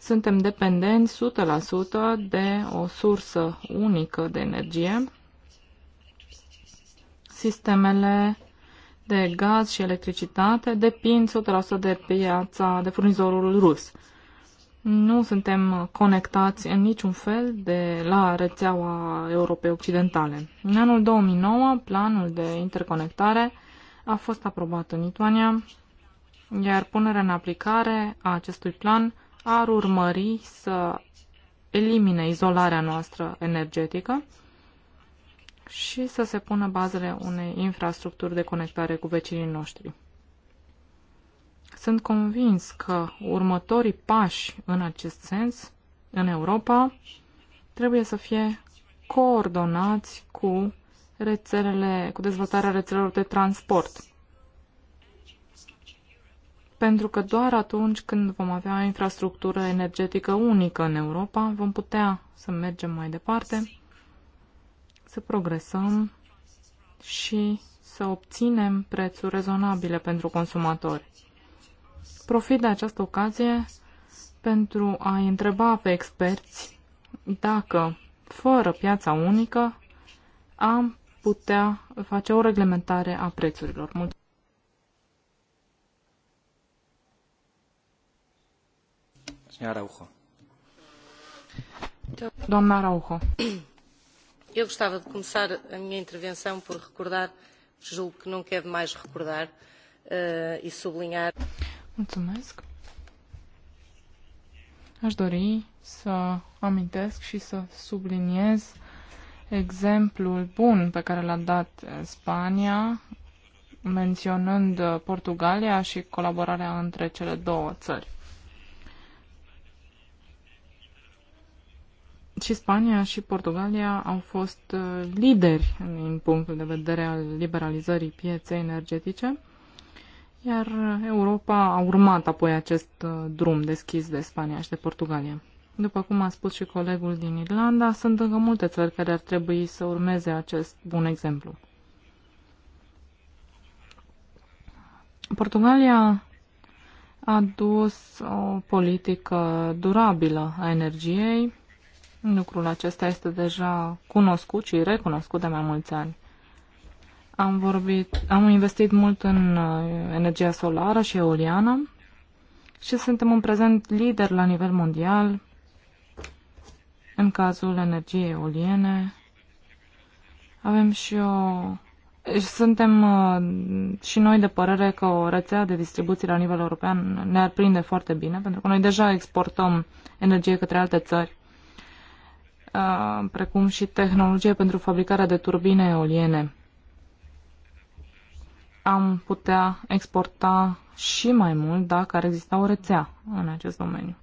Suntem dependenți 100% de o sursă unică de energie. Sistemele de gaz și electricitate depind 100% de piața, de furnizorul rus nu suntem conectați în niciun fel de la rețeaua Europei Occidentale. În anul 2009, planul de interconectare a fost aprobat în Lituania, iar punerea în aplicare a acestui plan ar urmări să elimine izolarea noastră energetică și să se pună bazele unei infrastructuri de conectare cu vecinii noștri. Sunt convins că următorii pași în acest sens, în Europa, trebuie să fie coordonați cu rețelele, cu dezvoltarea rețelelor de transport. Pentru că doar atunci când vom avea o infrastructură energetică unică în Europa, vom putea să mergem mai departe, să progresăm și să obținem prețuri rezonabile pentru consumatori. Profit de această ocazie pentru a întreba pe experți dacă, fără piața unică, am putea face o reglementare a prețurilor. Mulțumesc. Doamna Araujo. Eu gostava de começar a minha intervenção por recordar, julgo que não quer mais recordar uh, e sublinhar. Mulțumesc. Aș dori să amintesc și să subliniez exemplul bun pe care l-a dat Spania, menționând Portugalia și colaborarea între cele două țări. și Spania și Portugalia au fost uh, lideri din punctul de vedere al liberalizării pieței energetice iar Europa a urmat apoi acest uh, drum deschis de Spania și de Portugalia. După cum a spus și colegul din Irlanda, sunt încă multe țări care ar trebui să urmeze acest bun exemplu. Portugalia a dus o politică durabilă a energiei. Lucrul acesta este deja cunoscut și recunoscut de mai mulți ani. Am, vorbit, am investit mult în uh, energia solară și eoliană și suntem în prezent lider la nivel mondial în cazul energiei eoliene. Avem și o suntem uh, și noi de părere că o rețea de distribuție la nivel european ne-ar prinde foarte bine, pentru că noi deja exportăm energie către alte țări, uh, precum și tehnologie pentru fabricarea de turbine eoliene am putea exporta și mai mult dacă ar exista o rețea în acest domeniu.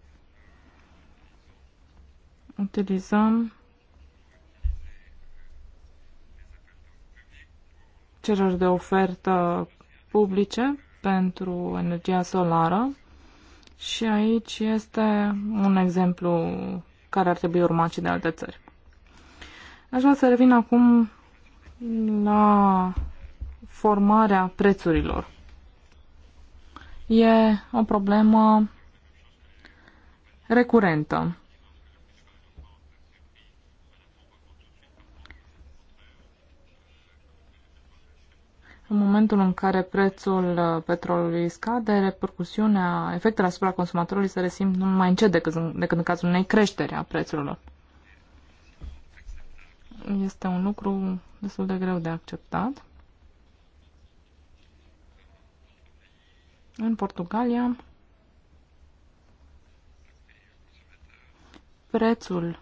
Utilizăm cereri de ofertă publice pentru energia solară și aici este un exemplu care ar trebui urmat și de alte țări. Aș vrea să revin acum la formarea prețurilor. E o problemă recurentă. În momentul în care prețul uh, petrolului scade, repercusiunea, efectele asupra consumatorului se resimt nu mai încet decât, decât în cazul unei creșteri a prețurilor. Este un lucru destul de greu de acceptat. în Portugalia prețul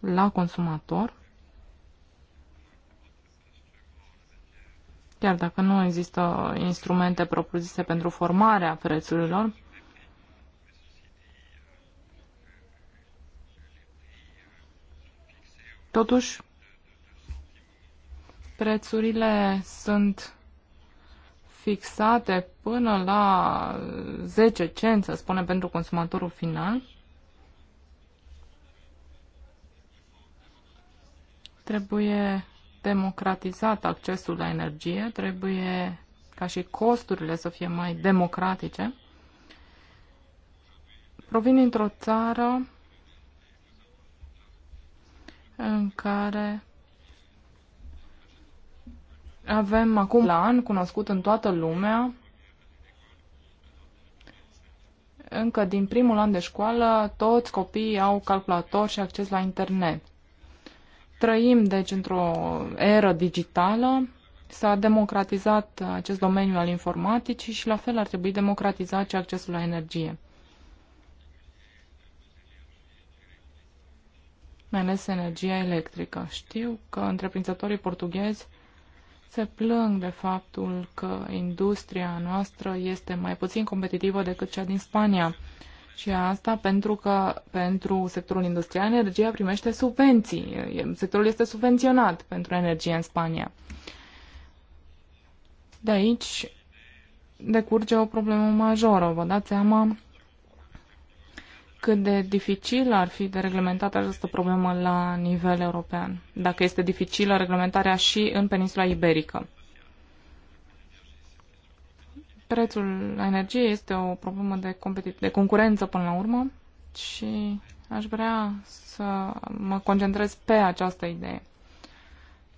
la consumator chiar dacă nu există instrumente propuse pentru formarea prețurilor, totuși prețurile sunt fixate până la 10 cent, să spunem, pentru consumatorul final, trebuie democratizat accesul la energie, trebuie ca și costurile să fie mai democratice. Provin într o țară în care avem acum la an cunoscut în toată lumea. Încă din primul an de școală, toți copiii au calculator și acces la internet. Trăim, deci, într-o eră digitală. S-a democratizat acest domeniu al informaticii și la fel ar trebui democratizat și accesul la energie. mai ales energia electrică. Știu că întreprinzătorii portughezi se plâng de faptul că industria noastră este mai puțin competitivă decât cea din Spania. Și asta pentru că pentru sectorul industrial energia primește subvenții. Sectorul este subvenționat pentru energie în Spania. De aici decurge o problemă majoră. Vă dați seama cât de dificil ar fi de reglementat această problemă la nivel european, dacă este dificilă reglementarea și în peninsula iberică. Prețul energiei este o problemă de, de concurență până la urmă și aș vrea să mă concentrez pe această idee.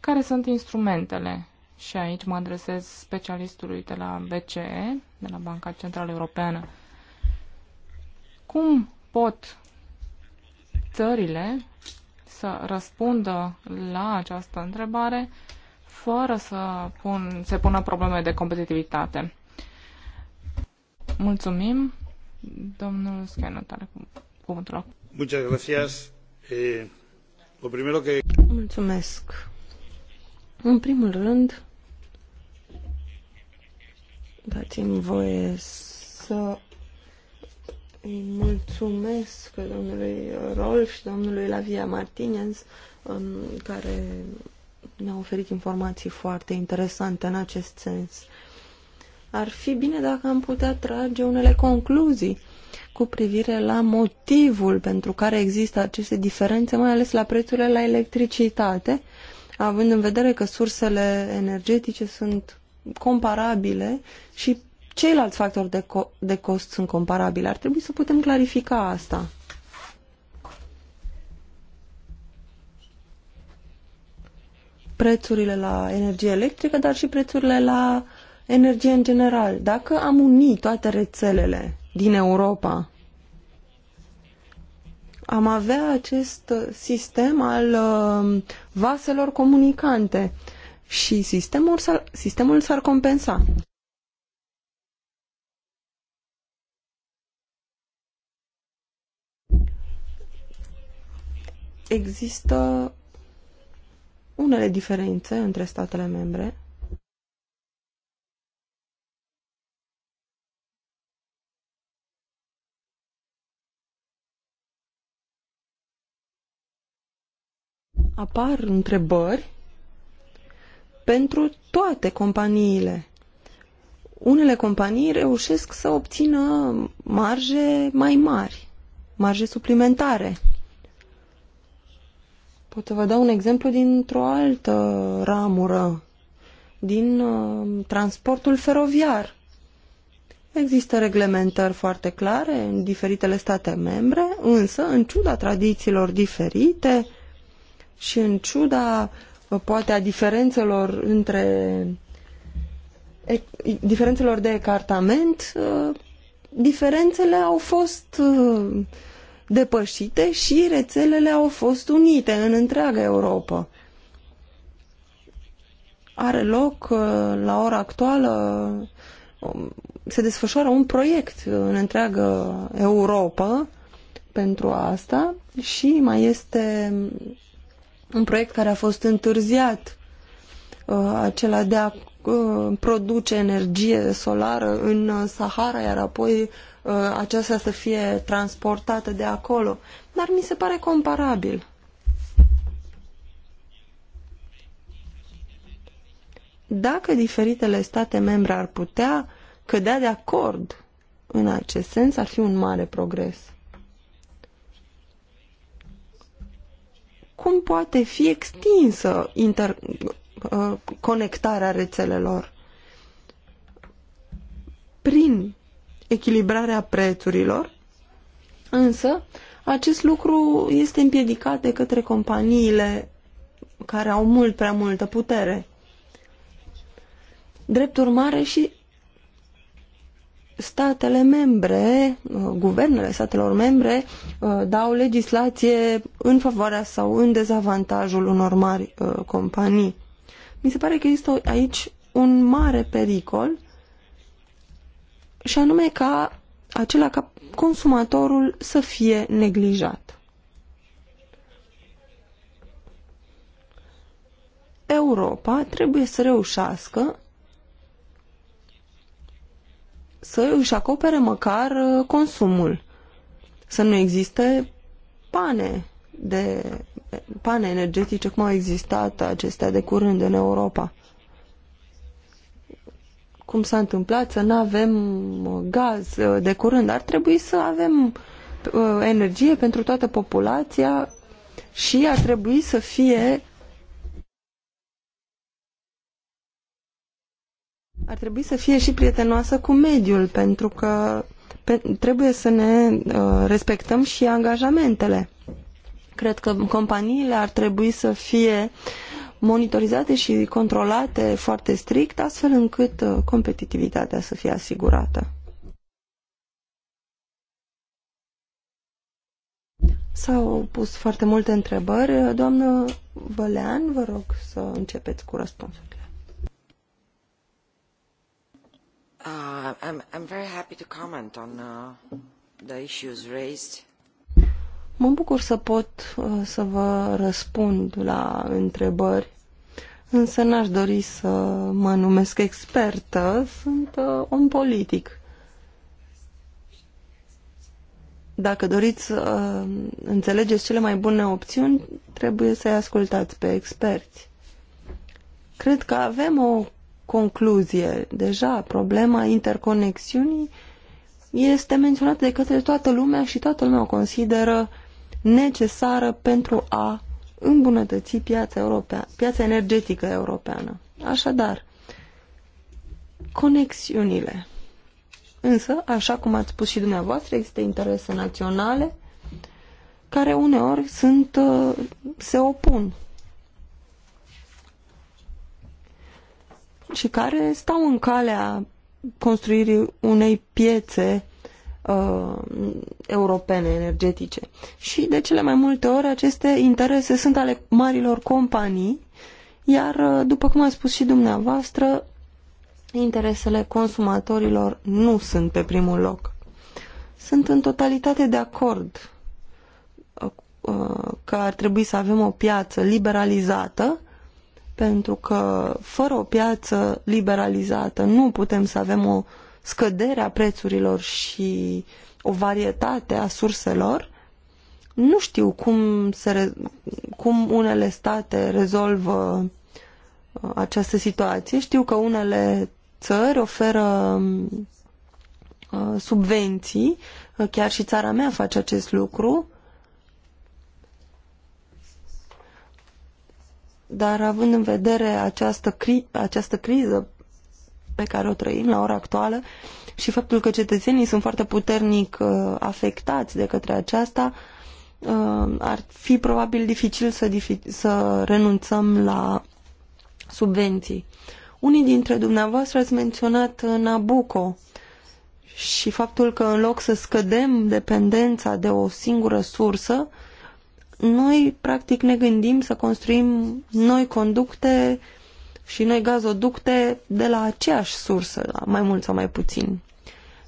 Care sunt instrumentele? Și aici mă adresez specialistului de la BCE, de la Banca Centrală Europeană. Cum pot țările să răspundă la această întrebare fără să pun, se pună probleme de competitivitate. Mulțumim. Domnul Schenot are cuvântul eh, Mulțumesc. În primul rând, dați-mi voie să îi mulțumesc domnului Rolf și domnului Lavia Martinez um, care ne-a oferit informații foarte interesante în acest sens. Ar fi bine dacă am putea trage unele concluzii cu privire la motivul pentru care există aceste diferențe, mai ales la prețurile la electricitate, având în vedere că sursele energetice sunt comparabile și ceilalți factori de, co de cost sunt comparabili. Ar trebui să putem clarifica asta. Prețurile la energie electrică, dar și prețurile la energie în general. Dacă am unit toate rețelele din Europa, am avea acest sistem al uh, vaselor comunicante și sistemul s-ar compensa. există unele diferențe între statele membre. Apar întrebări pentru toate companiile. Unele companii reușesc să obțină marje mai mari, marje suplimentare. Pot să vă dau un exemplu dintr-o altă ramură, din uh, transportul feroviar. Există reglementări foarte clare în diferitele state membre, însă, în ciuda tradițiilor diferite și în ciuda, uh, poate, a diferențelor între diferențelor de ecartament, uh, diferențele au fost uh, depășite și rețelele au fost unite în întreaga Europa. Are loc uh, la ora actuală, um, se desfășoară un proiect în întreaga Europa pentru asta și mai este um, un proiect care a fost întârziat, uh, acela de a uh, produce energie solară în Sahara, iar apoi Uh, aceasta să fie transportată de acolo, dar mi se pare comparabil. Dacă diferitele state membre ar putea cădea de acord în acest sens, ar fi un mare progres. Cum poate fi extinsă inter uh, conectarea rețelelor? Prin echilibrarea prețurilor, însă acest lucru este împiedicat de către companiile care au mult prea multă putere. Drept urmare și statele membre, uh, guvernele statelor membre uh, dau legislație în favoarea sau în dezavantajul unor mari uh, companii. Mi se pare că există aici un mare pericol și anume ca acela ca consumatorul să fie neglijat. Europa trebuie să reușească să își acopere măcar uh, consumul, să nu existe pane de pane energetice cum au existat acestea de curând în Europa cum s-a întâmplat, să nu avem uh, gaz uh, de curând. Ar trebui să avem uh, energie pentru toată populația și ar trebui să fie ar trebui să fie și prietenoasă cu mediul, pentru că trebuie să ne respectăm și angajamentele. Cred că companiile ar trebui să fie uh, monitorizate și controlate foarte strict, astfel încât uh, competitivitatea să fie asigurată. S-au pus foarte multe întrebări. Doamnă Bălean, vă rog să începeți cu răspunsurile. Uh, I'm, I'm very happy to comment on uh, the issues raised Mă bucur să pot uh, să vă răspund la întrebări, însă n-aș dori să mă numesc expertă, sunt om uh, politic. Dacă doriți să uh, înțelegeți cele mai bune opțiuni, trebuie să-i ascultați pe experți. Cred că avem o concluzie. Deja problema interconexiunii este menționată de către toată lumea și toată lumea o consideră necesară pentru a îmbunătăți piața, europea, piața energetică europeană. Așadar, conexiunile. Însă, așa cum ați spus și dumneavoastră, există interese naționale care uneori sunt, uh, se opun și care stau în calea construirii unei piețe uh, europene energetice. Și de cele mai multe ori aceste interese sunt ale marilor companii, iar, uh, după cum a spus și dumneavoastră, interesele consumatorilor nu sunt pe primul loc. Sunt în totalitate de acord uh, că ar trebui să avem o piață liberalizată, pentru că fără o piață liberalizată nu putem să avem o uh, scăderea prețurilor și o varietate a surselor, nu știu cum, se, cum unele state rezolvă uh, această situație. Știu că unele țări oferă uh, subvenții, uh, chiar și țara mea face acest lucru, dar având în vedere această, cri această criză pe care o trăim la ora actuală și faptul că cetățenii sunt foarte puternic uh, afectați de către aceasta, uh, ar fi probabil dificil să, să renunțăm la subvenții. Unii dintre dumneavoastră ați menționat Nabucco și faptul că în loc să scădem dependența de o singură sursă, noi practic ne gândim să construim noi conducte și noi gazoducte de la aceeași sursă, mai mult sau mai puțin.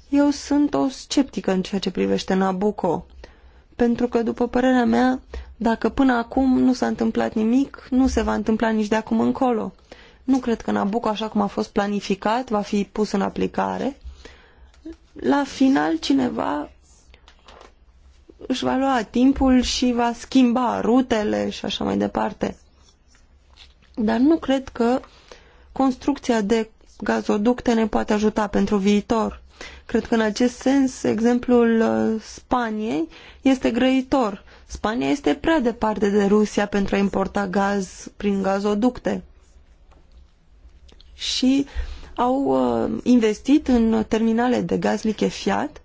Eu sunt o sceptică în ceea ce privește Nabucco, pentru că, după părerea mea, dacă până acum nu s-a întâmplat nimic, nu se va întâmpla nici de acum încolo. Nu cred că Nabucco, așa cum a fost planificat, va fi pus în aplicare. La final, cineva își va lua timpul și va schimba rutele și așa mai departe. Dar nu cred că construcția de gazoducte ne poate ajuta pentru viitor. Cred că în acest sens exemplul uh, Spaniei este grăitor. Spania este prea departe de Rusia pentru a importa gaz prin gazoducte. Și au uh, investit în terminale de gaz lichefiat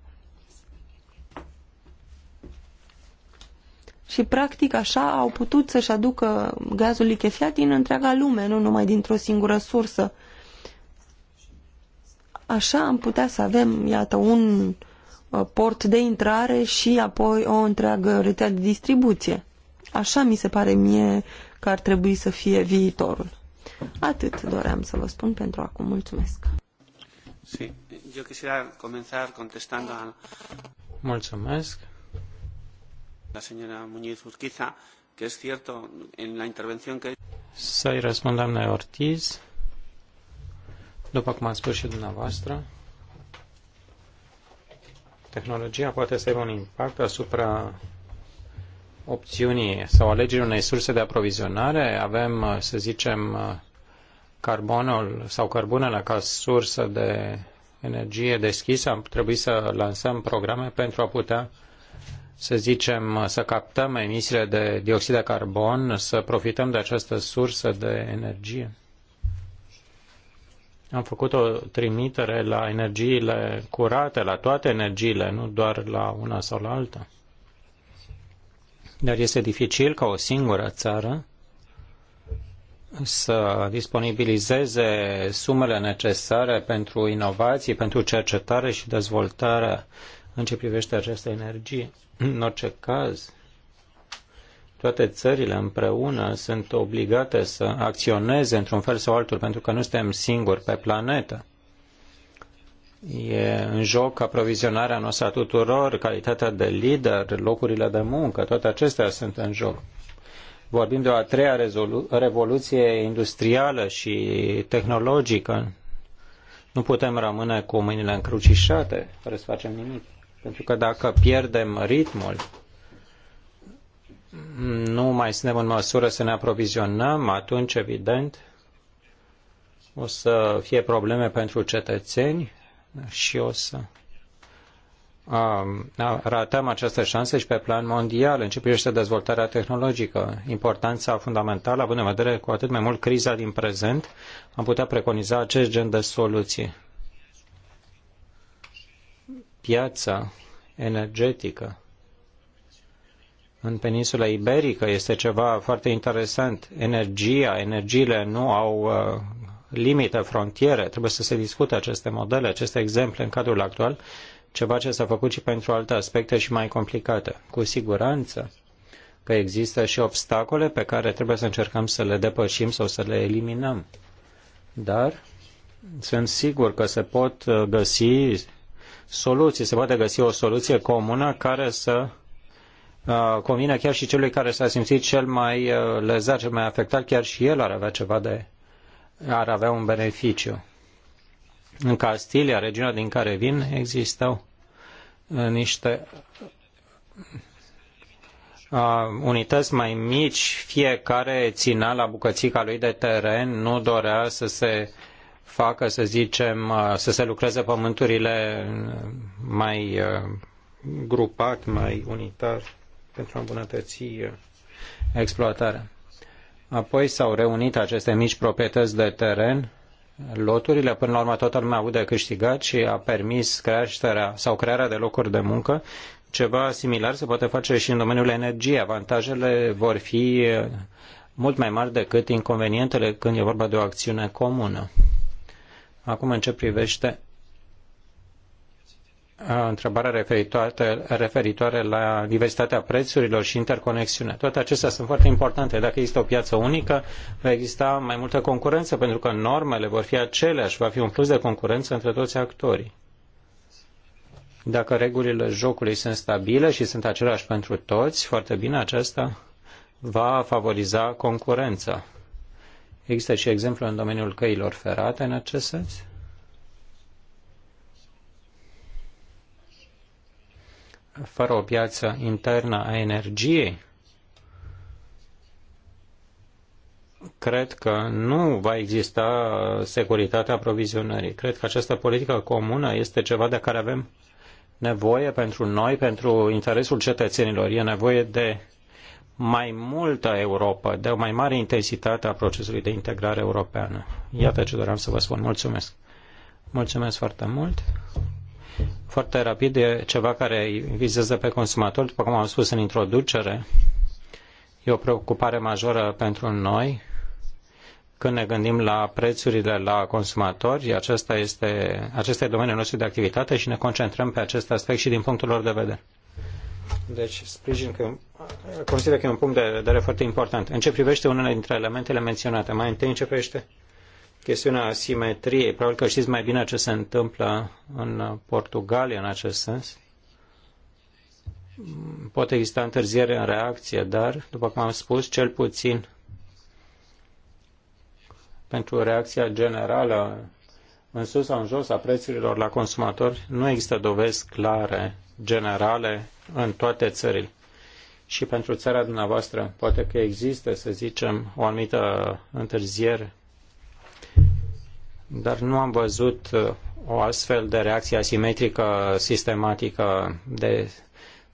și practic așa au putut să-și aducă gazul lichefiat din întreaga lume, nu numai dintr-o singură sursă. Așa am putea să avem, iată, un uh, port de intrare și apoi o întreagă rețea de distribuție. Așa mi se pare mie că ar trebui să fie viitorul. Atât doream să vă spun pentru acum. Mulțumesc. Sí. Yo quisiera comenzar contestando a... Mulțumesc. La señora Muñiz Urquiza, que es cierto en la intervención que... Să-i răspund doamnei Ortiz, după cum a spus și dumneavoastră, tehnologia poate să aibă un impact asupra opțiunii sau alegerii unei surse de aprovizionare. Avem, să zicem, carbonul sau cărbunele ca sursă de energie deschisă. Am trebuit să lansăm programe pentru a putea să zicem, să captăm emisiile de dioxid de carbon, să profităm de această sursă de energie. Am făcut o trimitere la energiile curate, la toate energiile, nu doar la una sau la alta. Dar este dificil ca o singură țară să disponibilizeze sumele necesare pentru inovații, pentru cercetare și dezvoltare în ce privește această energie. În orice caz, toate țările împreună sunt obligate să acționeze într-un fel sau altul, pentru că nu suntem singuri pe planetă. E în joc aprovizionarea noastră a tuturor, calitatea de lider, locurile de muncă, toate acestea sunt în joc. Vorbim de o a treia revoluție industrială și tehnologică. Nu putem rămâne cu mâinile încrucișate fără să facem nimic. Pentru că dacă pierdem ritmul, nu mai suntem în măsură să ne aprovizionăm, atunci, evident, o să fie probleme pentru cetățeni și o să um, ratăm această șansă și pe plan mondial în ce privește dezvoltarea tehnologică. Importanța fundamentală, având în vedere cu atât mai mult criza din prezent, am putea preconiza acest gen de soluții piața energetică în peninsula iberică este ceva foarte interesant. Energia, energiile nu au uh, limite, frontiere. Trebuie să se discute aceste modele, aceste exemple în cadrul actual, ceva ce s-a făcut și pentru alte aspecte și mai complicate. Cu siguranță că există și obstacole pe care trebuie să încercăm să le depășim sau să le eliminăm. Dar sunt sigur că se pot uh, găsi soluții, se poate găsi o soluție comună care să uh, convine chiar și celui care s-a simțit cel mai uh, lezat, cel mai afectat, chiar și el ar avea ceva de, ar avea un beneficiu. În Castilia, regiunea din care vin, existau uh, niște unități mai mici, fiecare ținea la bucățica lui de teren, nu dorea să se facă, să zicem, uh, să se lucreze pământurile mai uh, grupat, mai unitar pentru a îmbunătăți uh, exploatarea. Apoi s-au reunit aceste mici proprietăți de teren, loturile, până la urmă toată lumea avut de câștigat și a permis creșterea sau crearea de locuri de muncă. Ceva similar se poate face și în domeniul energiei. Avantajele vor fi mult mai mari decât inconvenientele când e vorba de o acțiune comună. Acum, în ce privește uh, întrebarea referitoare, referitoare la diversitatea prețurilor și interconexiunea. Toate acestea sunt foarte importante. Dacă există o piață unică, va exista mai multă concurență, pentru că normele vor fi aceleași, va fi un plus de concurență între toți actorii. Dacă regulile jocului sunt stabile și sunt aceleași pentru toți, foarte bine, aceasta va favoriza concurența. Există și exemplu în domeniul căilor ferate în acest sens? Fără o piață internă a energiei, cred că nu va exista securitatea aprovizionării. Cred că această politică comună este ceva de care avem nevoie pentru noi, pentru interesul cetățenilor. E nevoie de mai multă Europa, de o mai mare intensitate a procesului de integrare europeană. Iată ce doream să vă spun. Mulțumesc! Mulțumesc foarte mult! Foarte rapid, e ceva care vizează pe consumator, după cum am spus în introducere. E o preocupare majoră pentru noi când ne gândim la prețurile la consumatori. Acesta este, acesta este domeniul nostru de activitate și ne concentrăm pe acest aspect și din punctul lor de vedere. Deci, sprijin că consider că e un punct de vedere foarte important. În ce privește unele dintre elementele menționate, mai întâi în ce privește chestiunea asimetriei. Probabil că știți mai bine ce se întâmplă în Portugalia în acest sens. Poate exista întârziere în reacție, dar, după cum am spus, cel puțin pentru reacția generală în sus sau în jos a prețurilor la consumatori, nu există dovezi clare generale în toate țările. Și pentru țara dumneavoastră, poate că există, să zicem, o anumită întârziere, dar nu am văzut uh, o astfel de reacție asimetrică, sistematică, de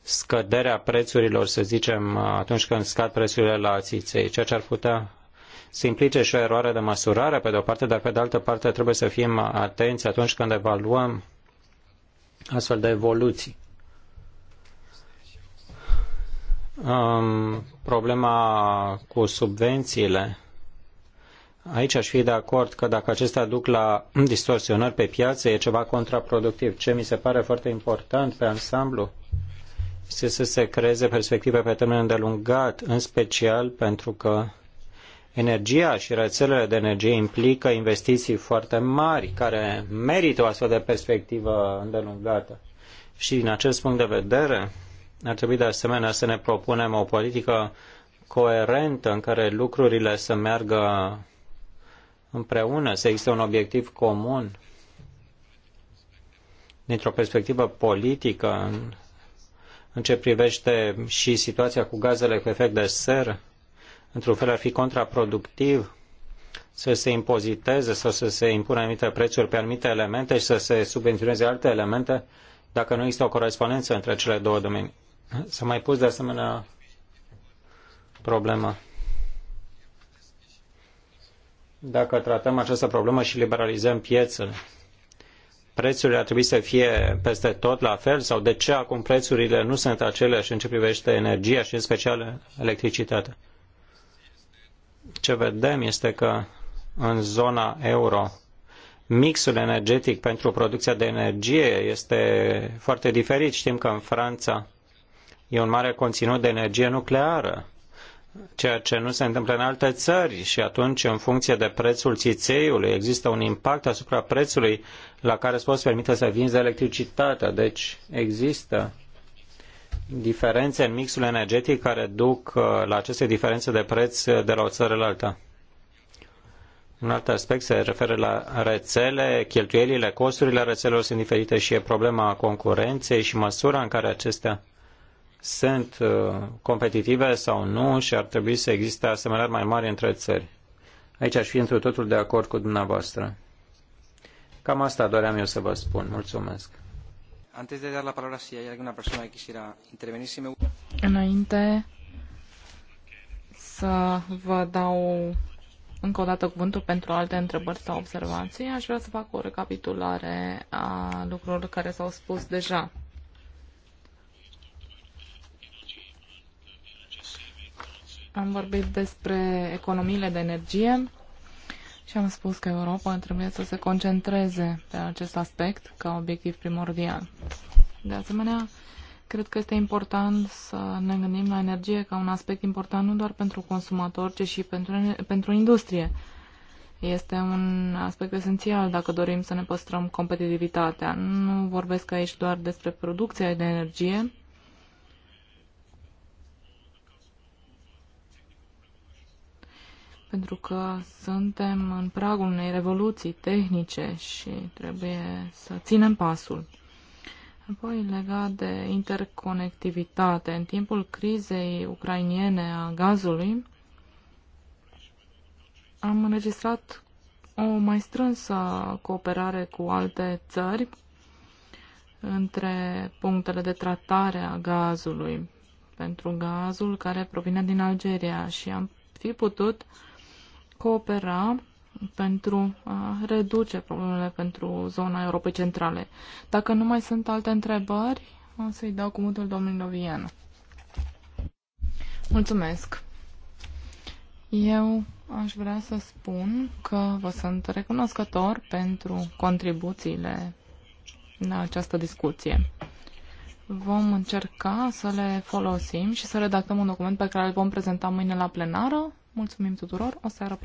scăderea prețurilor, să zicem, uh, atunci când scad prețurile la țiței, ceea ce ar putea să implice și o eroare de măsurare, pe de o parte, dar pe de altă parte trebuie să fim atenți atunci când evaluăm astfel de evoluții. problema cu subvențiile. Aici aș fi de acord că dacă acestea duc la distorsionări pe piață, e ceva contraproductiv. Ce mi se pare foarte important pe ansamblu este să se creeze perspective pe termen îndelungat, în special pentru că energia și rețelele de energie implică investiții foarte mari care merită o astfel de perspectivă îndelungată. Și din acest punct de vedere, ar trebui de asemenea să ne propunem o politică coerentă în care lucrurile să meargă împreună, să existe un obiectiv comun dintr-o perspectivă politică în, în ce privește și situația cu gazele cu efect de seră, într-un fel ar fi contraproductiv să se impoziteze sau să se impună anumite prețuri pe anumite elemente și să se subvenționeze alte elemente dacă nu există o corespondență între cele două domenii. S-a mai pus de asemenea problema. Dacă tratăm această problemă și liberalizăm piețele, prețurile ar trebui să fie peste tot la fel sau de ce acum prețurile nu sunt aceleași în ce privește energia și în special electricitatea? Ce vedem este că în zona euro mixul energetic pentru producția de energie este foarte diferit. Știm că în Franța E un mare conținut de energie nucleară, ceea ce nu se întâmplă în alte țări și atunci, în funcție de prețul țițeiului, există un impact asupra prețului la care îți poți permite să vinzi electricitatea. Deci există diferențe în mixul energetic care duc uh, la aceste diferențe de preț uh, de la o țară la alta. Un alt aspect se referă la rețele, cheltuielile, costurile rețelelor sunt diferite și e problema concurenței și măsura în care acestea sunt uh, competitive sau nu și ar trebui să existe asemănări mai mari între țări. Aici aș fi într totul de acord cu dumneavoastră. Cam asta doream eu să vă spun. Mulțumesc. Antes de dar la palabra, si hay alguna persona que quisiera intervenir, si me... Înainte să vă dau încă o dată cuvântul pentru alte întrebări sau observații, aș vrea să fac o recapitulare a lucrurilor care s-au spus deja. Am vorbit despre economiile de energie și am spus că Europa trebuie să se concentreze pe acest aspect ca obiectiv primordial. De asemenea, cred că este important să ne gândim la energie ca un aspect important nu doar pentru consumator, ci și pentru, pentru industrie. Este un aspect esențial dacă dorim să ne păstrăm competitivitatea. Nu vorbesc aici doar despre producția de energie, pentru că suntem în pragul unei revoluții tehnice și trebuie să ținem pasul. Apoi, legat de interconectivitate, în timpul crizei ucrainiene a gazului, am înregistrat o mai strânsă cooperare cu alte țări între punctele de tratare a gazului pentru gazul care provine din Algeria și am fi putut uh, coopera pentru a reduce problemele pentru zona Europei Centrale. Dacă nu mai sunt alte întrebări, o să-i dau cuvântul domnului Novian. Mulțumesc! Eu aș vrea să spun că vă sunt recunoscător pentru contribuțiile la această discuție. Vom încerca să le folosim și să redactăm un document pe care îl vom prezenta mâine la plenară. Mulțumim tuturor, o seară plăcută!